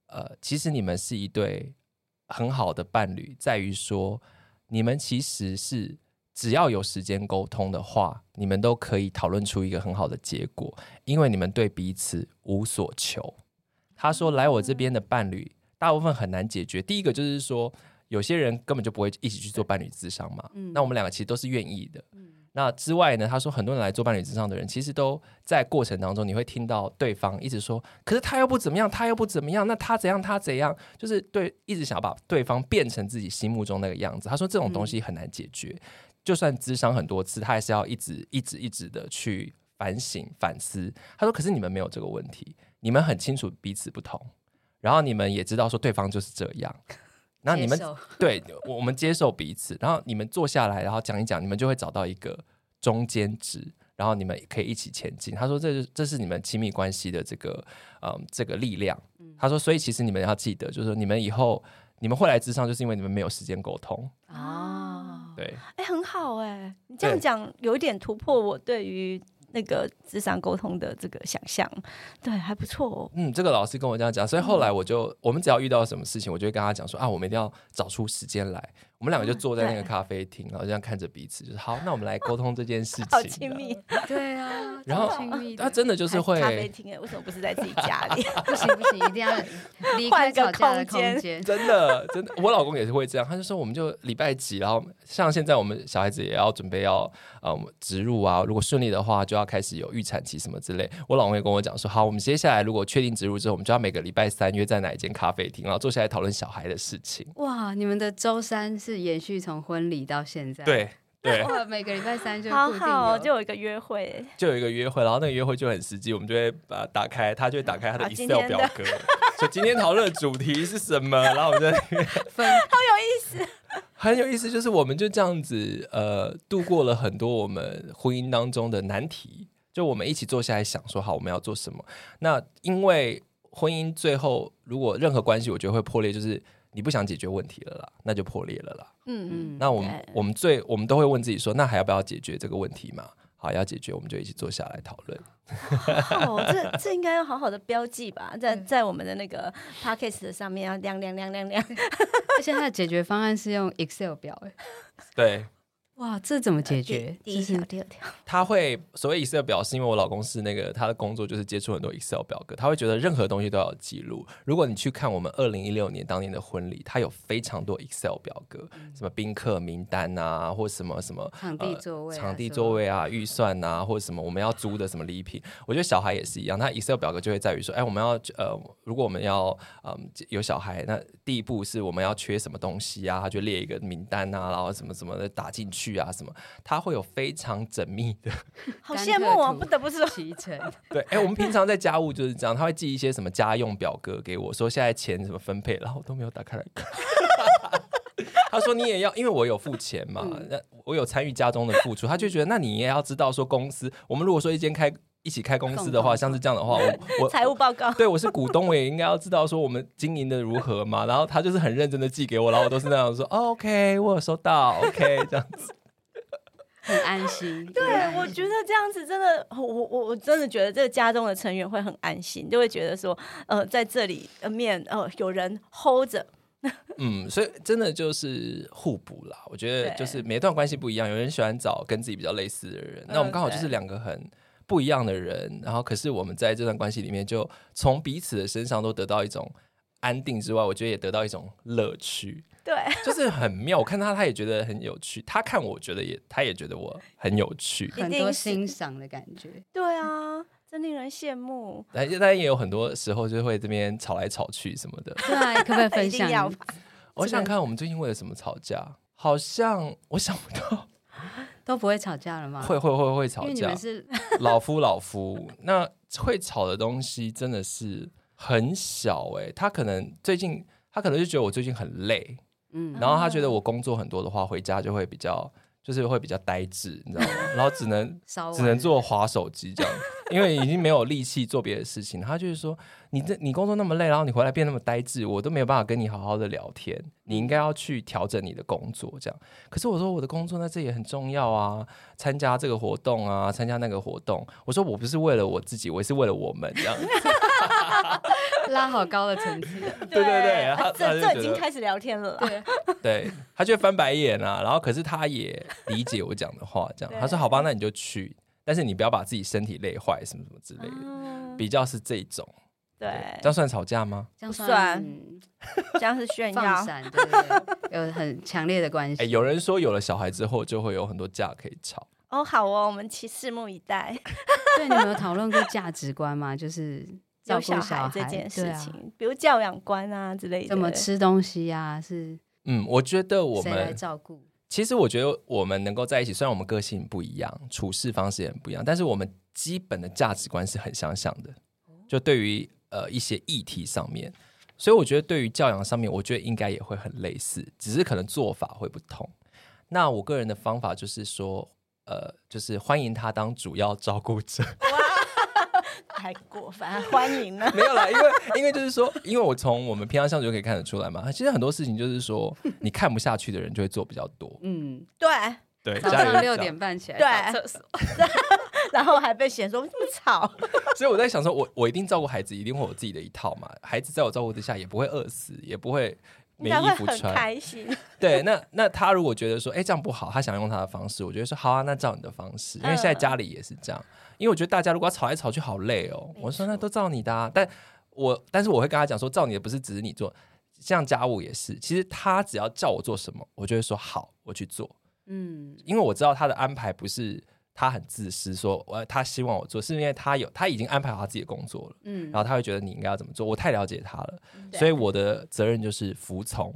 呃，其實你們是一對很好的伴侶，在於說你們其實是只要有時間溝通的話，你們都可以討論出一個很好的結果，因為你們對彼此無所求。他說，來我這邊的伴侶大部分很難解決，第一個就是說有些人根本就不會一起去做伴侶諮商嘛。那我們兩個其實都是願意的。那之外呢？他說，很多人來做伴侶諮商的人，其實都在過程當中，你會聽到對方一直說：“可是他又不怎麼樣，他又不怎麼樣，那他怎樣？他怎樣？”就是對，一直想要把對方變成自己心目中那個樣子。他說這種東西很難解決，嗯、就算諮商很多次，他還是要一直、一直、一直的去反省、反思。他說：“可是你們沒有這個問題，你們很清楚彼此不同，然後你們也知道說對方就是這樣。”那接你們對，我們接受彼此， 然後你們坐下來，然後講一講，你們就會找到一個中間值，然後你們可以一起前進。他說這、就是，這這是你們親密關係的這個嗯，這個力量。嗯、他說，所以其實你們要記得，就是說你們以後你們會來之上，就是因為你們沒有時間溝通哦。對，哎，很好哎、欸，你這樣講有一點突破我對於。對那個諮商溝通的這個想象，對，還不錯哦。嗯，這個老師跟我這樣講，所以後來我就，嗯、我們只要遇到什麼事情，我就會跟他講說啊，我們一定要找出時間來。我們兩個就坐在那個咖啡廳，嗯、然後這樣看着彼此，就是好，那我們來溝通這件事情。親密，對啊。然後，親密，那真的就是會咖啡廳，為什麼不是在自己家裡？ 不行不行，一定要換個空間。真的真的，我老公也是會這樣，他就說我們就禮拜幾，然後像現在我們小孩子也要準備要啊、呃、植入啊，如果順利的話就要。開始有預產期什麼之類，我老公也跟我講說，好，我們接下來如果確定植入之後，我們就要每個禮拜三約在哪一間咖啡廳，然後坐下來討論小孩的事情。哇，你們的週三是延續從婚禮到現在，對對那，每個禮拜三就好好，就有一個約會，就有一個約會，然後那個約會就很實際，我們就會把它打開，他就會打開他的 Excel 表格， 所以今天討論的主題是什麼，然後我們在分，好有意思。很有意思，就是我們就這樣子，呃，度過了很多我們婚姻當中的難題。就我們一起坐下來想說，好，我們要做什麼？那因為婚姻最後，如果任何關係，我覺得會破裂，就是你不想解決問題了啦，那就破裂了啦。嗯嗯，那我們對我們最我們都會問自己說，那還要不要解決這個問題嗎？好，要解決我們就一起坐下來討論。哦， 這這應該要好好的標記吧，在在我們的那個 podcast 的上面要亮亮亮亮亮。 而且他的解決方案是用 Excel 表誒。對。哇，這怎麼解決？第一條，第二條，他會所謂 Excel 表，是因為我老公是那個他的工作就是接觸很多 Excel 表格，他會覺得任何東西都要記錄。如果你去看我們二零一六年當年的婚禮，他有非常多 Excel 表格，什麼賓客名單啊，或什麼什麼場地座位，呃、場地座位啊，預算啊，或什麼我們要租的什麼禮品。我覺得小孩也是一樣，他 Excel 表格就會在於說，哎，我們要呃，如果我們要嗯、呃、有小孩，那第一步是我們要缺什麼東西啊，他就列一個名單啊，然後什麼什麼的打進去。啊什麼？他會有非常縝密的，好羨慕啊！不得不說，對，哎、欸，我們平常在家務就是這樣，他會寄一些什麼家用表格給我說，說現在錢怎麼分配，然後我都沒有打開來看。 他說你也要，因為我有付錢嘛，那、嗯、我有參與家中的付出，他就覺得那你也要知道說公司，我們如果說一間開一起開公司的話，共像是這樣的話，我財務報告，我對我是股東，我也應該要知道說我們經營的如何嘛。然後他就是很認真的寄給我，然後我都是那樣說、 哦、OK，我有收到，OK 這樣子。很安心， 對，很安心。我覺得這樣子真的，我我我真的覺得這個家中的成員會很安心，就會覺得說，呃，在這裡面呃有人 hold 着， 嗯，所以真的就是互補啦。我覺得就是每一段關係不一樣，有人喜歡找跟自己比較類似的人，對那我們剛好就是兩個很不一樣的人，然後可是我們在這段關係裡面，就從彼此的身上都得到一種安定之外，我覺得也得到一種樂趣。對， 就是很妙。我看他，他也覺得很有趣；他看我，覺得也，他也覺得我很有趣，很多欣賞的感覺。對啊，真令人羨慕。但但也有很多時候就會這邊吵來吵去什麼的。對、啊，可不可以分享？ 我想看我們最近為了什麼吵架？好像我想不到，都不會吵架了嗎？會會會會吵架？因為你們是 老夫老夫，那會吵的東西真的是很小哎、欸。他可能最近，他可能就覺得我最近很累。嗯，然後他覺得我工作很多的話，回家就會比較，就是會比較呆滯，你知道嗎？然後只能 玩了 只能做滑手機這樣，因為已經沒有力氣做別的事情。他就是說，你這你工作那麼累，然後你回來變那麼呆滯，我都沒有辦法跟你好好的聊天。你應該要去調整你的工作這樣。可是我說我的工作在這也很重要啊，參加這個活動啊，參加那個活動。我說我不是為了我自己，我也是為了我們這樣。 拉好高的層次，對對對，這這已經開始聊天了，對，對他就翻白眼了。然後可是他也理解我講的話，這樣他說好吧，那你就去，但是你不要把自己身體累壞，什麼什麼之類的，比較是這種，對，這樣算吵架嗎？這樣算，這樣是炫耀，有很強烈的關係。欸，有人說有了小孩之後就會有很多架可以吵，哦好哦，我們且拭目以待。對，你們有討論過價值觀嗎？就是。照顧小孩這件事情，啊、比如教養觀啊之類的，怎麼吃東西呀？啊，是嗯，我覺得我們誰來照顧？其實我覺得我們能夠在一起，雖然我們個性不一樣，處事方式也不一樣，但是我們基本的價值觀是很相像的，就對於呃一些議題上面，所以我覺得對於教養上面，我覺得應該也會很類似，只是可能做法會不同。那我個人的方法就是說，呃，就是歡迎他當主要照顧者。 太過分，歡迎呢？ 沒有啦，因為因為就是說，因為我從我們平常相處可以看得出來嘛。其實很多事情就是說，你看不下去的人就會做比較多。嗯，對，對，早上六點半起來，對，廁所，對， 然後還被嫌說這麼吵。所以我在想說我，我我一定照顧孩子，一定會有自己的一套嘛。孩子在我照顧之下，也不會餓死，也不會。沒衣服穿，開心 對，那那他如果覺得說，誒、欸、這樣不好，他想用他的方式，我覺得說好啊，那照你的方式，因為現在家裡也是這樣，呃、因為我覺得大家如果要吵來吵去，好累哦。我說那都照你的、啊，錯但我但是我會跟他講說，照你的不是只是你做，像家務也是，其實他只要叫我做什麼，我就會說好，我去做，嗯，因為我知道他的安排不是。他很自私，說我他希望我做，是因為他有他已經安排好他自己的工作了，嗯，然後他會覺得你應該要怎麼做，我太了解他了，對所以我的責任就是服從。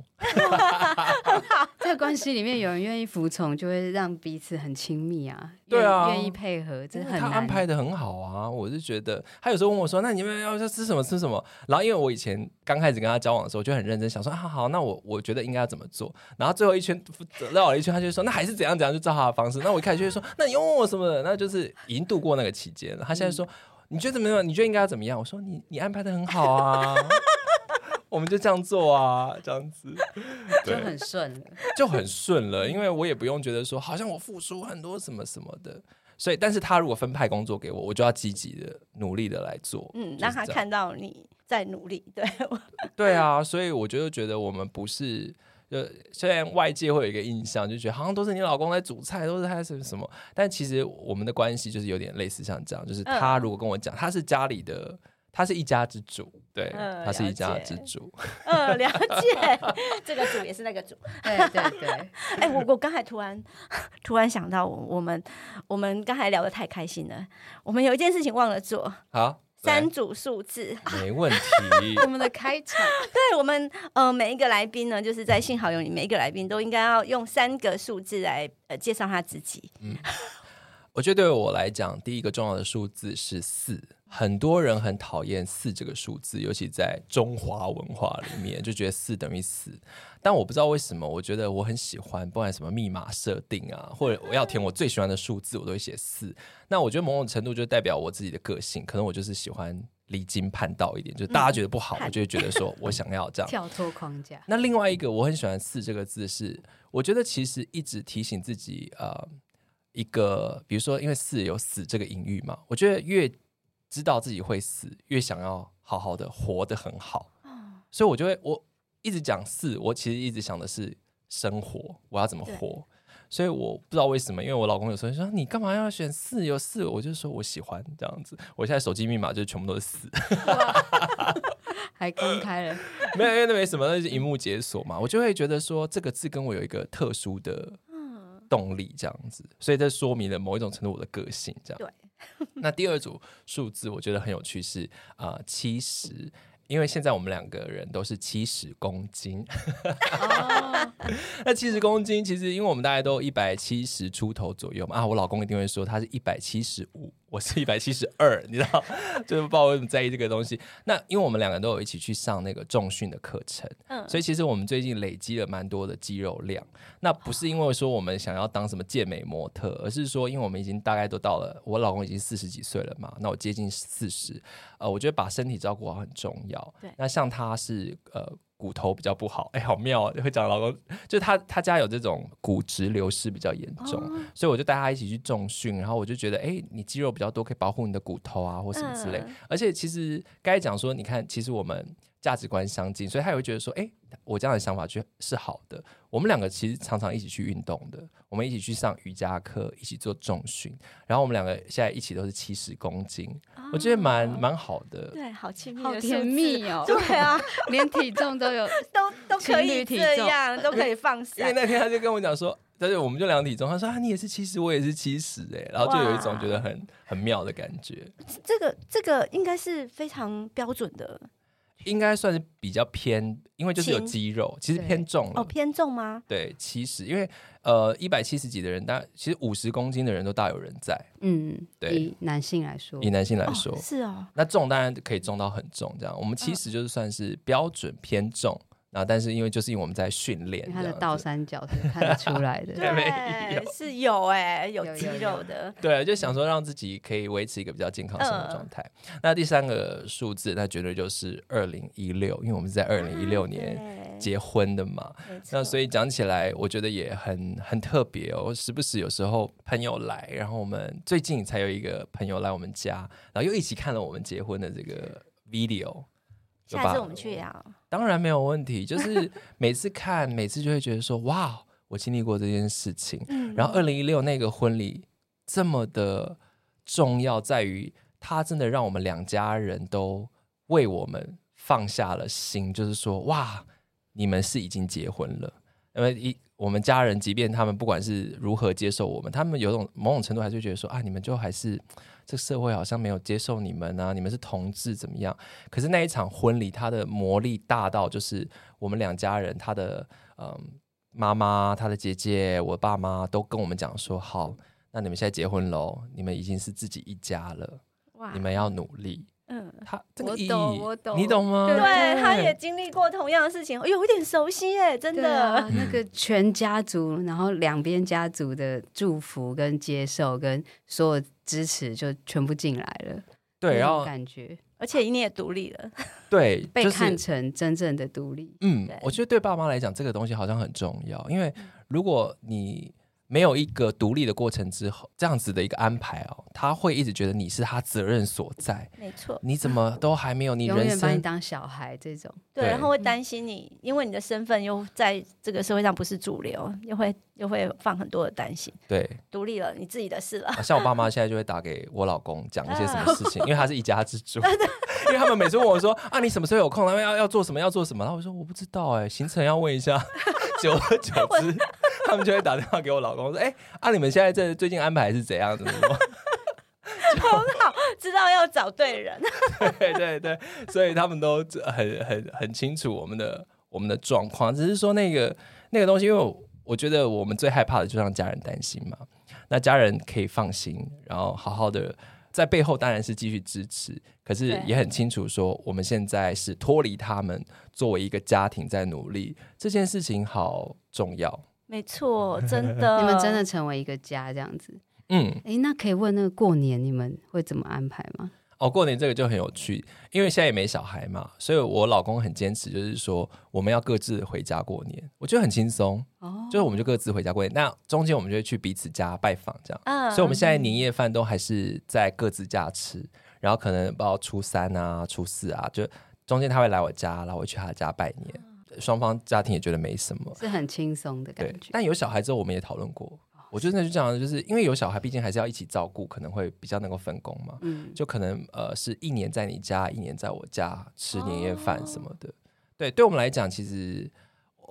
這個關係裡面，有人願意服從，就會讓彼此很親密啊。對啊，願意配合，真的他安排的很好啊。我是覺得他有時候問我說：“那你們要不要吃什麼？吃什麼？”然後因為我以前剛開始跟他交往的時候，我就很認真想說：“好、啊、好，那我我覺得應該要怎麼做？”然後最後一圈繞了一圈，他就說：“那還是怎樣怎樣，就照他的方式。”那我一開始就會說：“那你又問我什麼的？”那就是已經度過那個期間了。他現在說：“嗯、你覺得怎麼樣？你覺得應該要怎麼樣？”我說：“你你安排的很好啊。” 我們就這樣做啊，這樣子就很順，就很順了。因為我也不用覺得說，好像我付出很多什麼什麼的。所以，但是他如果分派工作給我，我就要積極的努力的來做。嗯，讓他看到你在努力。對，對啊。所以我覺得，覺得我們不是，呃，雖然外界會有一個印象，就覺得好像都是你老公在煮菜，都是他是什麼什麼，但其實我們的關係就是有點類似像這樣，就是他如果跟我講，他是家裡的。他是一家之主，對、呃、他是一家之主。呃，了解、 哦，這個主也是那個主。 對對對，哎、欸，我我剛才突然突然想到我，我們我們剛才聊得太開心了，我們有一件事情忘了做。好，三組數字，沒問題。 我們的開場， 對，我們呃每一個來賓呢，就是在性好有你，每一個來賓都應該要用三個數字來呃介紹他自己。嗯， 我覺得對我來講，第一個重要的數字是四。很多人很討厭四這個數字，尤其在中華文化裡面，就覺得四等於死。但我不知道為什麼，我覺得我很喜歡，不管什麼密碼設定啊，或者我要填我最喜歡的數字，我都會寫四。那我覺得某種程度就代表我自己的個性，可能我就是喜歡離經叛道一點，就大家覺得不好，嗯、我就會覺得說我想要這樣跳脫框架。那另外一個我很喜歡四這個字是，是我覺得其實一直提醒自己，呃，一個比如說因為四有死這個隱喻嘛，我覺得越。知道自己會死，越想要好好的活得很好，嗯、所以我就會我一直講四，我其實一直想的是生活，我要怎麼活，對所以我不知道為什麼，因為我老公有時候說你幹嘛要選四？有四，我就說我喜歡這樣子。我現在手機密碼就全部都是四，啊、 還公開了？沒有，因為那沒什麼，那是熒幕解鎖嘛。嗯、我就會覺得說這個字跟我有一個特殊的動力，這樣子，所以這說明了某一種程度我的個性這樣。 那第二組數字我覺得很有趣是，是、呃、啊，七十，因為現在我們兩個人都是七十公斤， oh. 那七十公斤其實，因為我們大概都一百七十出頭左右嘛。啊，我老公一定會說他是一百七十五。我是一百七十二，你知道， Okay. 就是不知道我怎麼在意這個東西。那因為我們兩個人都有一起去上那個重訓的課程，嗯，所以其實我們最近累積了蠻多的肌肉量。那不是因為說我們想要當什麼健美模特，而是說因為我們已經大概都到了，我老公已經四十幾歲了嘛，那我接近四十，呃，我覺得把身體照顧好很重要。對那像他是呃。骨頭比較不好，哎，好妙啊、哦！就會講老公，就他，他家有這種骨質流失比較嚴重，哦、所以我就帶他一起去重訓，然後我就覺得，哎，你肌肉比較多，可以保護你的骨頭啊，或什麼之類。嗯、而且其實剛才講說，你看，其實我們。價值觀相近，所以他也會覺得說：“哎、欸，我這樣的想法去是好的。”我們兩個其實常常一起去運動的，我們一起去上瑜伽課，一起做重訓。然後我們兩個現在一起都是七十公斤，哦、我覺得蠻蠻好的。對，好親密，好甜蜜哦！對啊，連體重都有， 都都可以這樣，都可以放下。因為那天他就跟我講說：“但、就是我們就量體重，他說啊，你也是七十，我也是七十，哎，然後就有一種覺得很哇很妙的感覺。這個這個應該是非常標準的。”應該算是比較偏，因為就是有肌肉，其實偏重了。哦，偏重嗎？對，七十，因為呃，一百七十幾的人，但其實五十公斤的人都大有人在。嗯，對，以男性來說，以男性來說是哦，是啊，那重當然可以重到很重，這樣，我們七十就是算是標準偏重。嗯嗯啊！但是因為就是因為我們在訓練，他的倒三角看得出來的，對，是有哎，有肌肉的。對，就想說讓自己可以維持一個比較健康的生活狀態。呃、那第三個數字，Okay. 那絕對就是二零一六，因為我們是在二零一六年結婚的嘛。啊、那所以講起來，我覺得也很很特別哦。時不時有時候朋友來，然後我們最近才有一個朋友來我們家，然後又一起看了我們結婚的這個 video。下次我們去呀、啊，當然沒有問題。就是每次看， 每次就會覺得說，哇，我經歷過這件事情。然後二零一六那個婚禮這麼的重要，在於它真的讓我們兩家人都為我們放下了心，就是說，哇，你們是已經結婚了，因為一。我們家人，即便他們不管是如何接受我們，他們有種某種程度還是覺得說啊，你們就還是這社會好像沒有接受你們啊，你們是同志怎麼樣？可是那一場婚禮，它的魔力大到就是我們兩家人，他的嗯媽媽、他的姐姐、我爸媽都跟我們講說，好，那你們現在結婚嘍，你們已經是自己一家了，哇你們要努力。嗯，他、這個、我懂，我懂，你懂嗎？對，對對對他也經歷過同樣的事情，哎、我有一點熟悉耶，真的、啊。那個全家族，然後兩邊家族的祝福跟接受跟所有支持，就全部進來了。對，然後感覺，而且你也獨立了，對，就是、 被看成真正的獨立。嗯，對我覺得對爸媽來講，這個東西好像很重要，因為如果你。沒有一個獨立的過程之後，這樣子的一個安排哦，他會一直覺得你是他責任所在。沒錯，你怎麼都還沒有，你人生永遠，把你當小孩這種，對，對嗯、然後會擔心你，因為你的身份又在這個社會上不是主流，又會又會放很多的擔心。對，獨立了，你自己的事了。啊。像我爸媽現在就會打給我老公講一些什麼事情，啊、因為他是一家之主，啊、因為他們每次問我說 啊，你什麼時候有空，他們要要做什麼，要做什麼，然後我說我不知道哎，行程要問一下。 久而久之，他們就會打電話給我老公。 我說：“哎、欸，啊，你們現在這最近安排是怎樣子的嗎？怎麼？很好，知道要找對人。 對對對，所以他們都很很很清楚我們的我們的狀況。只是說那個那個東西，因為我覺得我們最害怕的就是讓家人擔心嘛。那家人可以放心，然後好好的在背後當然是繼續支持。可是也很清楚說，我們現在是脫離他們，作為一個家庭在努力。這件事情好重要。”沒錯，真的， 你們真的成為一個家這樣子。嗯，哎、欸，那可以問那個過年你們會怎麼安排嗎？哦，過年這個就很有趣，因為現在也沒小孩嘛，所以我老公很堅持，就是說我們要各自回家過年，我覺得很輕鬆。哦，就是我們就各自回家過年，那中間我們就會去彼此家拜訪這樣。嗯、啊，所以我們現在年夜飯都還是在各自家吃，嗯、然後可能到初三啊、初四啊，就中間他會來我家，然後我去他的家拜年。嗯。雙方家庭也覺得沒什麼，是很輕鬆的感覺。但有小孩之後，我們也討論過，哦、我覺得那就這樣，就是因為有小孩，畢竟還是要一起照顧，可能會比較能夠分工嘛。嗯、就可能呃，是一年在你家，一年在我家吃年夜飯什麼的。哦、對，對我們來講，其實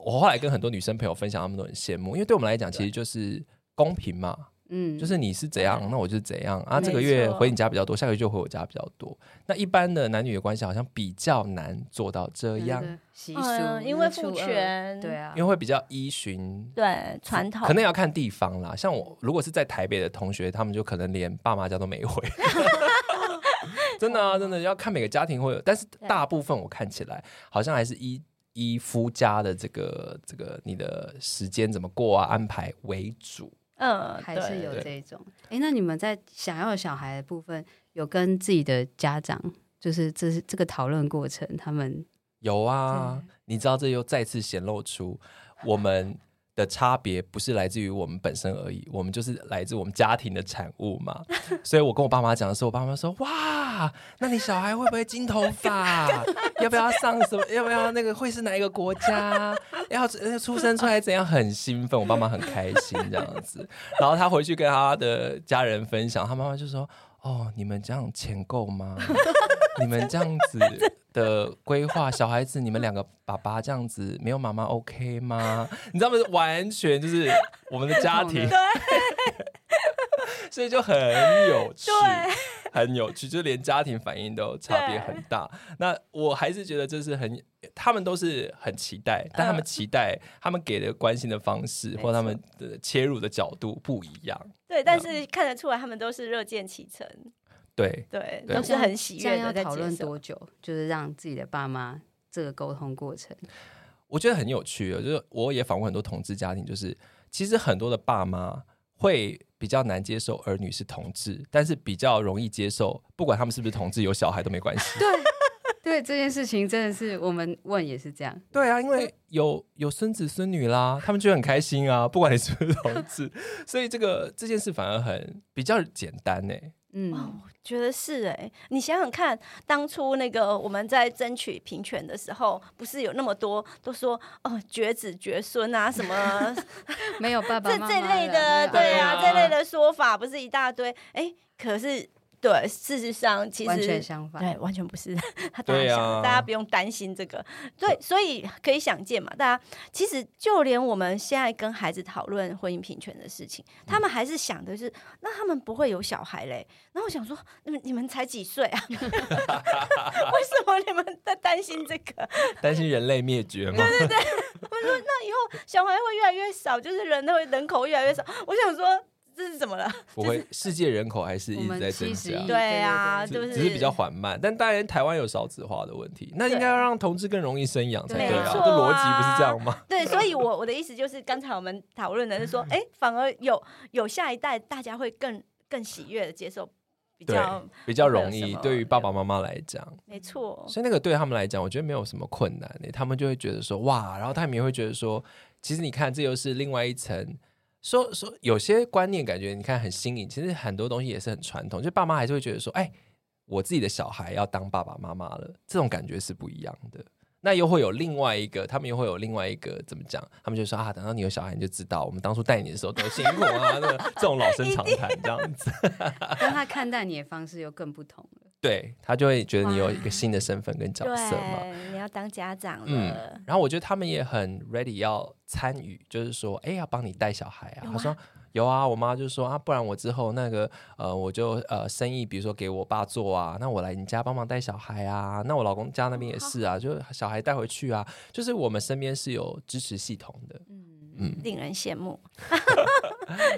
我後來跟很多女生朋友分享，他們都很羨慕，因為對我們來講，其實就是公平嘛。對嗯，就是你是怎樣，對那我就怎樣啊。錯這個月回你家比較多，下個月就回我家比較多。那一般的男女的關係好像比較難做到這樣。嗯、哦，因為父權。對啊，因為會比較依循對傳統。可能要看地方啦。像我如果是在台北的同學，他們就可能連爸媽家都沒回。 真的、啊、真的要看每個家庭會有，但是大部分我看起來好像還是以、以夫家的這個、這個你的時間怎麼過啊，安排為主。還是有這種。誒，那你們在想要小孩的部分，有跟自己的家長，就是這是這個討論過程，他們有啊。對你知道，這又再次顯露出我們。 的差別不是來自於我們本身而已，我們就是來自我們家庭的產物嘛。所以我跟我爸媽講的時候，我爸媽說：“哇，那你小孩會不會金頭髮？要不要上什麼？要不要那個？會是哪一個國家？要出生出來怎樣？”很興奮，我爸媽很開心這樣子。然後他回去跟他的家人分享，他媽媽就說：“哦，你們這樣錢夠嗎？你們這樣子。”的規劃，小孩子，你們兩個爸爸這樣子沒有媽媽，OK 嗎？你知道嗎？完全就是我們的家庭，對， 所以就很有趣，對很有趣，就連家庭反應都差別很大。對那我還是覺得，就是很，他們都是很期待，但他們期待他們給的關心的方式錯或他們的切入的角度不一樣。對，那但是看得出來，他們都是樂見其成。對對都是很喜歡要討論多久，就是讓自己的爸媽這個溝通過程，我覺得很有趣。就是我也訪問很多同志家庭，就是其實很多的爸媽會比較難接受兒女是同志，但是比較容易接受，不管他們是不是同志，有小孩都沒關係。 對對，這件事情真的是我們問也是這樣。對啊，因為有有孫子孫女啦，他們覺得很開心啊，不管你是不是同志，所以這個這件事反而很，比較簡單呢、欸。嗯、哦，我覺得是哎、欸，你想想看，當初那個我們在爭取平權的時候，不是有那麼多都說哦呃、絕子絕孫啊什麼， 沒有爸爸這這類的，對啊，哎、呀這類的說法不是一大堆哎、欸，可是。對，事實上其實完全相反，對，完全不是。他大家想，對啊、大家不用擔心這個。所以可以想見嘛，大家其實就連我們現在跟孩子討論婚姻平權的事情，嗯、他們還是想的是，那他們不會有小孩嘞。然後我想說，你們你們才幾歲啊？ 為什麼你們在擔心這個？擔 心人類滅絕嗎？ 對對對，我說那以後小孩會越來越少，就是人類人口越來越少。我想說。這是怎麼了？不會，世界人口還是一直在增加。對啊，是不是？只是比較緩慢，但當然台灣有少子化的問題，那應該要讓同志更容易生養，才對。這邏輯不是這樣嗎？對，所以，我我的意思就是，剛才我們討論的是說，哎，反而有有下一代，大家會更更喜悅的接受，比較比較容易，對於爸爸媽媽來講，沒錯。所以那個對他們來講，我覺得沒有什麼困難，他們就會覺得說哇，然後他們也會覺得說，其實你看，這又是另外一層。說說有些觀念感覺你看很新穎，其實很多東西也是很傳統。就爸媽還是會覺得說，哎、欸，我自己的小孩要當爸爸媽媽了，這種感覺是不一樣的。那又會有另外一個，他們又會有另外一個怎麼講？他們就說啊，等到你有小孩，你就知道我們當初帶你的時候多辛苦啊。 這種老生常談 這樣子，但他看待你的方式又更不同了。對，他就會覺得你有一個新的身份跟角色嘛，你要當家長了，嗯。然後我覺得他們也很 ready 要參與，就是說，哎，要幫你帶小孩啊。啊他說有啊，我媽就說啊，不然我之後那個呃，我就呃，生意比如說給我爸做啊，那我來你家幫忙帶小孩啊。那我老公家那邊也是啊，哦，就小孩帶回去啊。就是我們身邊是有支持系統的。嗯令人羨慕，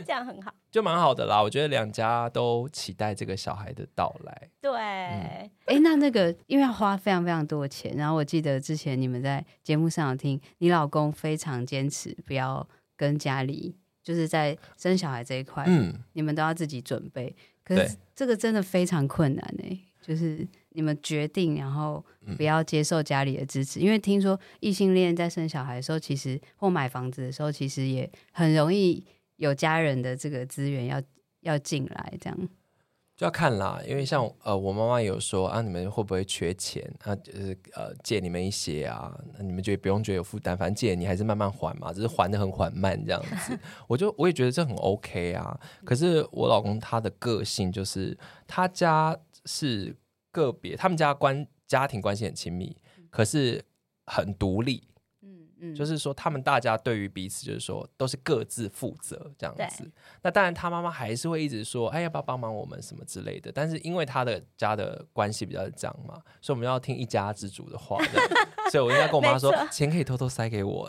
這樣很好， 就蠻好的啦。我覺得兩家都期待這個小孩的到來。對，哎、嗯欸，那那個因為要花非常非常多的錢，然後我記得之前你們在節目上有聽，你老公非常堅持不要跟家裡，就是在生小孩這一塊，嗯，你們都要自己準備。可是這個真的非常困難呢、欸，就是。你們決定，然後不要接受家裡的支持。嗯、因為聽說異性戀在生小孩的時候，其實或買房子的時候，其實也很容易有家人的這個資源要要進來，這樣就要看啦。因為像呃，我媽媽有說啊，你們會不會缺錢？啊就是呃借你們一些啊，那你們覺得不用覺得有負擔，反正借你還是慢慢還嘛，只是還得很緩慢這樣子。 我就我也覺得這很 OK 啊。可是我老公他的個性就是他家是。個別，他們家關家庭關係很親密，嗯、可是很獨立，嗯嗯，嗯就是說他們大家對於彼此就是說都是各自負責這樣子。對那當然，他媽媽還是會一直說，哎，要不要幫忙我們什麼之類的。但是因為他的家的關係比較僵嘛，所以我們要聽一家之主的話， 所以我應該跟我媽說， 錢可以偷偷塞給我。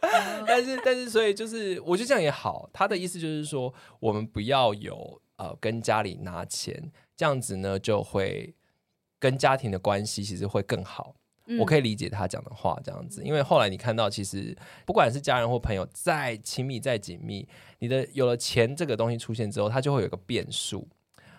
但 是、 uh, 但是，但是所以就是我覺得這樣也好。他的意思就是說，我們不要有呃跟家裡拿錢。這樣子呢，就會跟家庭的關係其實會更好。嗯、我可以理解他講的話，這樣子，因為後來你看到，其實不管是家人或朋友再親密，再緊密，你的有了錢這個東西出現之後，它就會有個變數。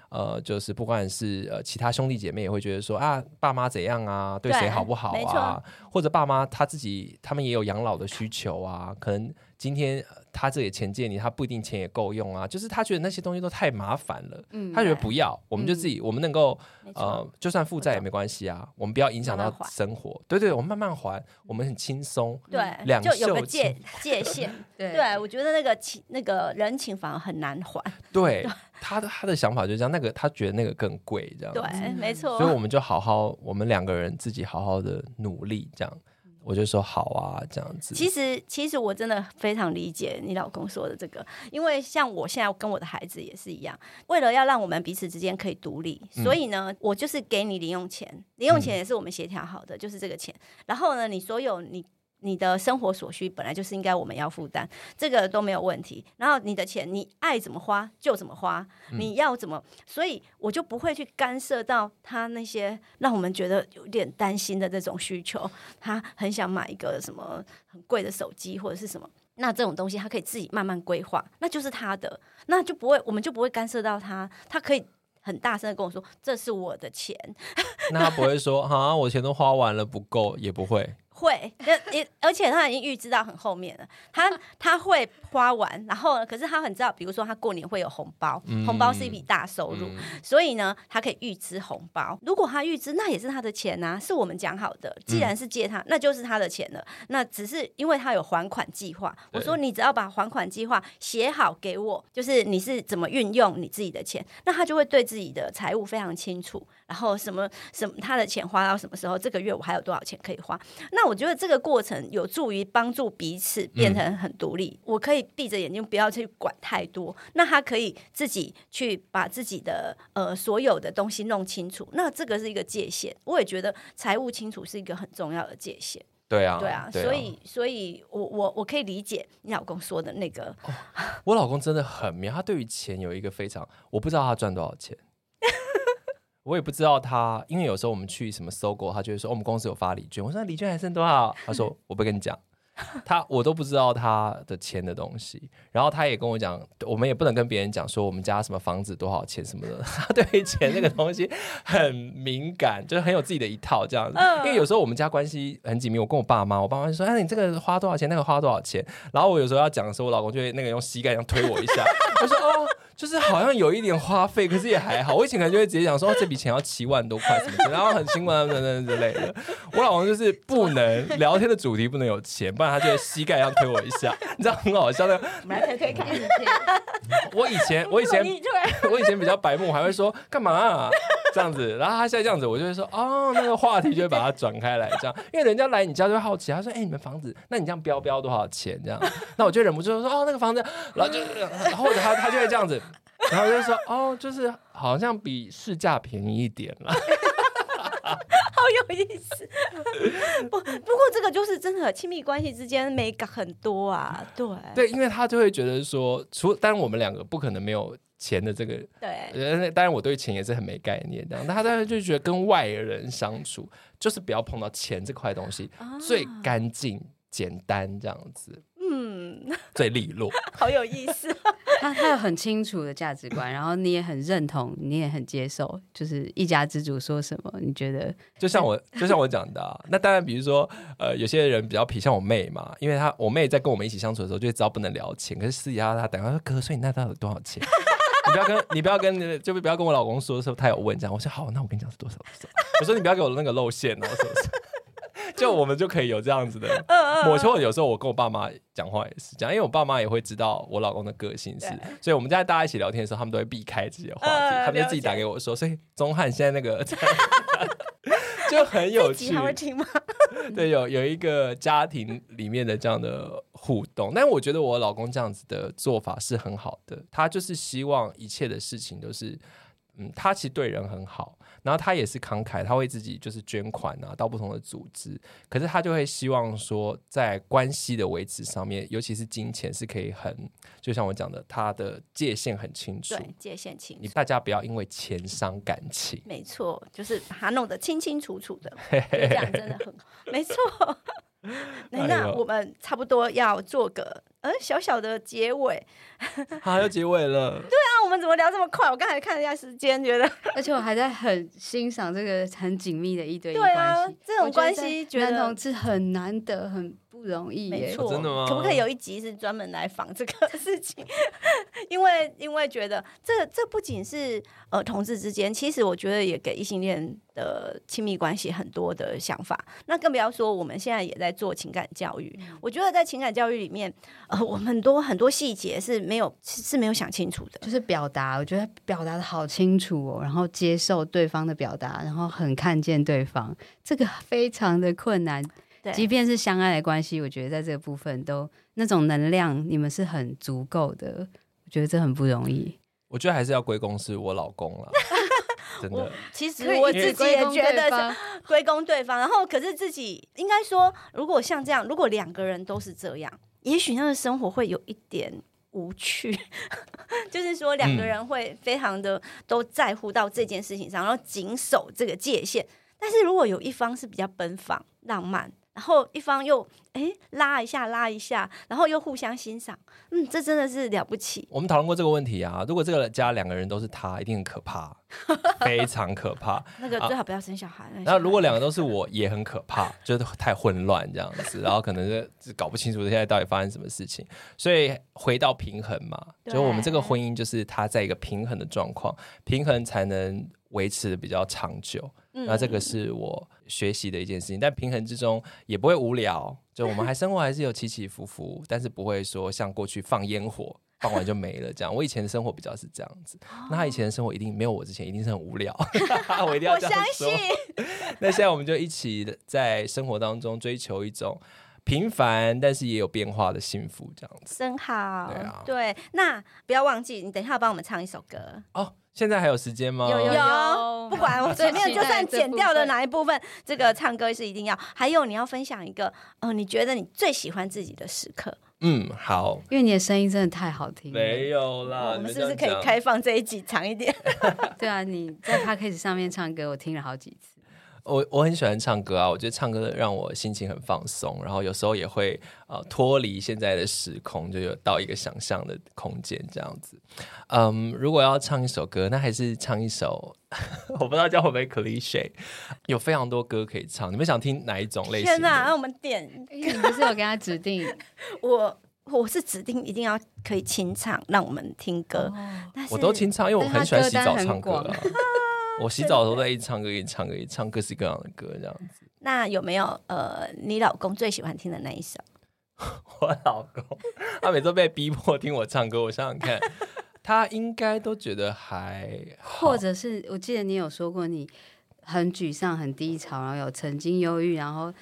呃，就是不管是呃其他兄弟姐妹也會覺得說啊，爸媽怎樣啊，對誰好不好啊，或者爸媽他自己，他們也有養老的需求啊，可能今天。他這裡錢借你，他不一定錢也夠用啊。就是他覺得那些東西都太麻煩了，他覺得不要，我們就自己，我們能夠呃，就算負債也沒關係啊。我們不要影響到生活，對對，我們慢慢還，我們很輕鬆。對，兩個就有個界界限。對，我覺得那個情那個人情反而很難還。對，他的他的想法就是這樣，那個他覺得那個更貴這樣。對，沒錯。所以我們就好好，我們兩個人自己好好的努力這樣。我就說好啊，這樣子。其實，其實我真的非常理解你老公說的這個，因為像我現在跟我的孩子也是一樣，為了要讓我們彼此之間可以獨立，嗯、所以呢，我就是給你零用錢，零用錢也是我們協調好的，嗯、就是這個錢。然後呢，你所有你。你的生活所需本來就是應該我們要負擔，這個都沒有問題。然後你的錢，你愛怎麼花就怎麼花，嗯、你要怎麼，所以我就不會去干涉到他那些讓我們覺得有點擔心的這種需求。他很想買一個什麼很貴的手機或者是什麼，那這種東西他可以自己慢慢規劃，那就是他的，那就不會，我們就不會干涉到他。他可以很大聲的跟我說：“這是我的錢。”那他不會說：“哈、 啊，我錢都花完了，不夠。”也不會。會，而且他已經預支到很後面了，他他會花完，然後可是他很知道，比如說他過年會有紅包，嗯、紅包是一筆大收入，嗯、所以呢，他可以預支紅包。如果他預支，那也是他的錢吶、啊，是我們講好的。既然是借他，嗯、那就是他的錢了。那只是因為他有還款計劃，我說你只要把還款計劃寫好給我，對就是你是怎麼運用你自己的錢，那他就會對自己的財務非常清楚。然後什麼什麼他的錢花到什麼時候，這個月我還有多少錢可以花，那。我覺得這個過程有助於幫助彼此變成很獨立。嗯、我可以閉着眼睛，不要去管太多，那他可以自己去把自己的呃所有的東西弄清楚。那這個是一個界限，我也覺得財務清楚是一個很重要的界限。對啊，對啊，對啊，所以，所以我我我可以理解你老公說的那個。哦、我老公真的很明，他對於錢有一個非常，我不知道他賺多少錢。 我也不知道他。因為有時候我們去什麼 SOGO，他就會說，哦，我們公司有發禮券。我說禮券還剩多少？他說我不跟你講。 他我都不知道他的錢的東西，然後他也跟我講，我們也不能跟別人講說我們家什麼房子多少錢什麼的。他對錢那個東西很敏感， 就是很有自己的一套這樣子。呃、因為有時候我們家關係很緊密，我跟我爸媽，我爸媽就說，哎、啊，你這個花多少錢，那個花多少錢。然後我有時候要講的時候，我老公就會那個用膝蓋這樣推我一下，我 說哦，就是好像有一點花費，可是也還好。我以前可能就會直接講說、哦、這筆錢要七萬多塊什麼的，然後很興奮等等之類的。我老公就是不能聊天的主題不能有錢，然後他就膝蓋要推我一下，你知道很好笑的。我們可以開我以前我以前 我以前比較白目，還會說，幹嘛啊，這樣子。然後他現在這樣子，我就會說哦，那個話題就會把它轉開來，這樣。因為人家來你家就會好奇，他說哎、欸，你們房子，那你這樣標標多少錢？這樣。那我就忍不住說哦，那個房子，然後就然後他他就會這樣子，然後我就說哦，就是好像比市價便宜一點了。 好有意思， 不不過這個就是真的親密關係之間美感很多啊，對對，因為他就會覺得說，除當然我們兩個不可能沒有錢的這個，對，當然我對錢也是很沒概念的， 但他當然就覺得跟外人相處就是不要碰到錢這塊東西，啊、最乾淨簡單這樣子。最利落， 好有意思啊 他。他他有很清楚的價值觀，然後你也很認同， 你也很接受，就是一家之主說什麼，你覺得？就像我， 就像我講的啊，那當然，比如說，呃，有些人比較皮，像我妹嘛，因為她我妹在跟我們一起相處的時候，就知道不能聊錢，可是私下她等下說哥，所以你那到底多少錢 你？你不要跟你不要跟就不要跟我老公說的時候，他有問這樣。我說好，那我跟你講是多少多少。 我說你不要給我那個露餡哦。 就我們就可以有這樣子的，我說，有時候我跟我爸媽講話也是這樣，因為我爸媽也會知道我老公的個性是，對所以我們在大家一起聊天的時候，他們都會避開這些話題，uh, 他們就自己打給我說。解所以宗翰現在那個在 就很有趣， 對，有有一個家庭裡面的這樣的互動。 但我覺得我老公這樣子的做法是很好的，他就是希望一切的事情都是，嗯，他其實對人很好。然後他也是慷慨，他會自己就是捐款啊，到不同的組織。可是他就會希望說，在關係的維持上面，尤其是金錢是可以很，就像我講的，他的界限很清楚，對，界限清楚。大家不要因為錢傷感情。沒錯，就是把它弄得清清楚楚的， 這樣真的很好。沒錯， 哎呦。那我們差不多要做個。嗯、小小的結尾，好 要、啊、結尾了。 對啊，我們怎麼聊這麼快？我剛才看了一下時間，覺得 而且我還在很欣賞這個很緊密的一對一對啊，這種關係，覺得男同志很難得，很不容易，沒錯錯、啊，真的嗎？可不可以有一集是專門來訪這個事情？ 因為因為覺得這這不僅是呃同志之間，其實我覺得也給異性戀的親密關係很多的想法。那更不要說我們現在也在做情感教育，嗯、我覺得在情感教育裡面。呃我很多很多細節是沒有是，是沒有想清楚的，就是表達，我覺得表達的好清楚哦，然後接受對方的表達，然後很看見對方，這個非常的困難。對，即便是相愛的關係，我覺得在這個部分都那種能量，你們是很足夠的，我覺得這很不容易。我覺得還是要歸功是我老公了， 真的。我其實我自己也覺得想歸功， 歸功對方，然後可是自己應該說，如果像這樣，如果兩個人都是這樣。也許那個生活會有一點無趣， 就是說兩個人會非常的都在乎到這件事情上，嗯、然後謹守這個界限。但是如果有一方是比較奔放浪漫，然後一方又誒、欸、拉一下拉一下，然後又互相欣賞，嗯，這真的是了不起。我們討論過這個問題啊，如果這個家兩個人都是他，一定很可怕，非常可怕。 那個最好不要生小孩。那如果兩個都是我，也很可怕， 就是太混亂這樣子，然後可能是搞不清楚現在到底發生什麼事情。所以回到平衡嘛，對就我們這個婚姻就是他在一個平衡的狀況，平衡才能維持得比較長久。嗯、那這個是我。學習的一件事情，但平衡之中也不會無聊。就我們還生活還是有起起伏伏， 但是不會說像過去放煙火，放完就沒了這樣。我以前的生活比較是這樣子，那他以前的生活一定沒有我之前一定是很無聊， 我一定要這樣說。 那現在我們就一起在生活當中追求一種平凡但是也有變化的幸福，這樣子真好。對,、啊、對那不要忘記，你等一下幫我們唱一首歌哦。現在還有時間嗎？有,有有。 不管我前面就算剪掉的哪一部分， 這個唱歌是一定要。還有你要分享一個，哦、呃，你覺得你最喜歡自己的時刻？嗯，好，因為你的聲音真的太好聽了。沒有啦、哦，我們是不是可以開放這一集長一點？ 對啊，你在 Podcast 上面唱歌，我聽了好幾次。我我很喜歡唱歌啊，我覺得唱歌讓我心情很放鬆，然後有時候也會、呃、脫離現在的時空，就有到一個想象的空間這樣子。嗯，如果要唱一首歌，那還是唱一首，呵呵我不知道叫會不會 cliche，有非常多歌可以唱，你們想聽哪一種類型的？天哪，那我們點、 欸！你不是有跟他指定？ 我我是指定一定要可以清唱，讓我們聽歌。哦、是我都清唱，因為我很喜歡洗澡唱歌、啊。 Oh, 我洗澡的時候在一直唱，唱歌，一直唱歌，一唱各式各樣的歌，這樣子。那有沒有呃，你老公最喜歡聽的那一首？ 我老公他每次被逼迫聽我唱歌，我想想看， 他應該都覺得還好……或者是我記得你有說過，你很沮喪、很低潮，然後有曾經憂鬱，然後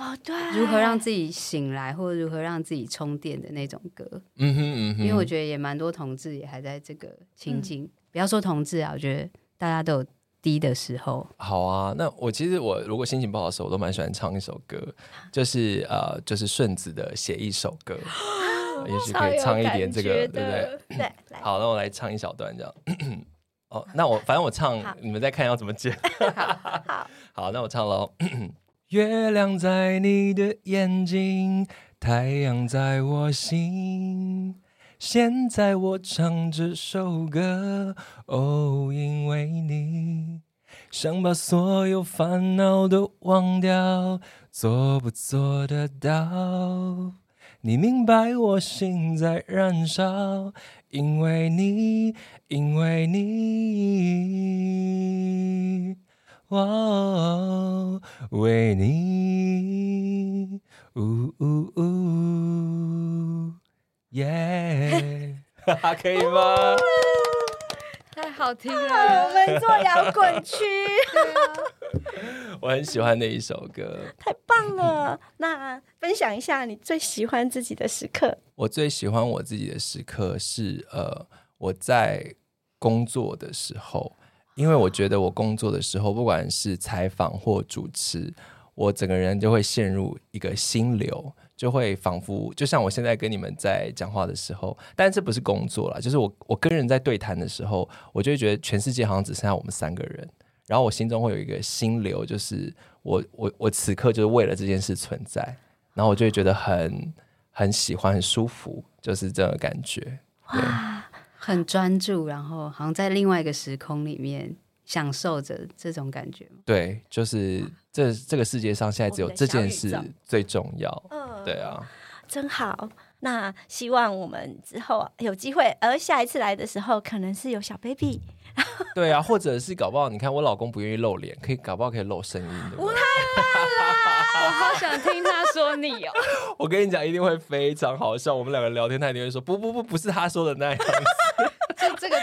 如何讓自己醒來，oh, 對或者如何讓自己充電的那種歌。嗯哼，因為我覺得也蠻多同志也還在這個情境，嗯、不要說同志啊，我覺得大家都有。低的時候，好啊。那我其實我如果心情不好的時候，我都蠻喜歡唱一首歌，嗯、就是呃，就是順子的寫一首歌，哦、也許可以唱一點這個，對不對？對好，那我來唱一小段這樣。 哦，那我反正我唱， 好你們再看要怎麼剪。 好好,好，那我唱嘍。 月亮在你的眼睛，太陽在我心。現在我唱這首歌，哦，因為你想把所有煩惱都忘掉，做不做得到？你明白我心在燃燒，因為你，因為你，哦，為你，嗚，嗚。還、啊、可以嗎？哦，太好聽了！我們、啊、做搖滾區。 啊、我很喜歡那一首歌。 太棒了！那分享一下你最喜歡自己的時刻。我最喜歡我自己的時刻是呃，我在工作的時候，因為我覺得我工作的時候，不管是採訪或主持，我整個人就會陷入一個心流。就會仿佛就像我現在跟你們在講話的時候，但這不是工作啦，就是我我跟人在對談的時候，我就會覺得全世界好像只剩下我們三個人，然後我心中會有一個心流，就是我我我此刻就是為了這件事存在，然後我就會覺得很很喜歡、很舒服，就是這種感覺。對哇，很專注，然後好像在另外一個時空裡面。享受着這種感覺嗎？對，就是這、啊、這個世界上現在只有這件事最重要。嗯，呃、對啊，真好。那希望我們之後有機會，而下一次來的時候，可能是有小 baby。 對啊，或者是搞不好，你看我老公不願意露臉，可以搞不好可以露聲音。我太亂了，我好想聽他說你哦。 我跟你講，一定會非常好笑。我們兩個聊天，他一定會說：不不不，不是他說的那樣子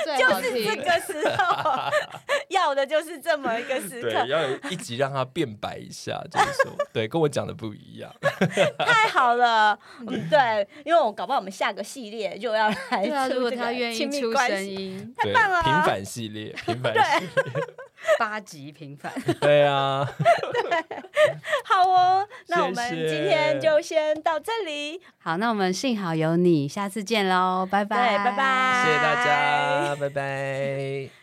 對，就是這個時候， 要的就是這麼一個時刻，對，要有一集讓他辯白一下， 就是說對，跟我講的不一樣， 太好了，嗯，對，因為我搞不好我們下個系列就要來出他願意。親密關係，啊，太棒了，啊，平反系列，平反系列。 對 八級平凡， 對啊， 對，好哦， 那我們今天就先到這裡。謝謝，好，那我們性好有你，下次見嘍，拜拜，拜拜，謝謝大家， 拜拜。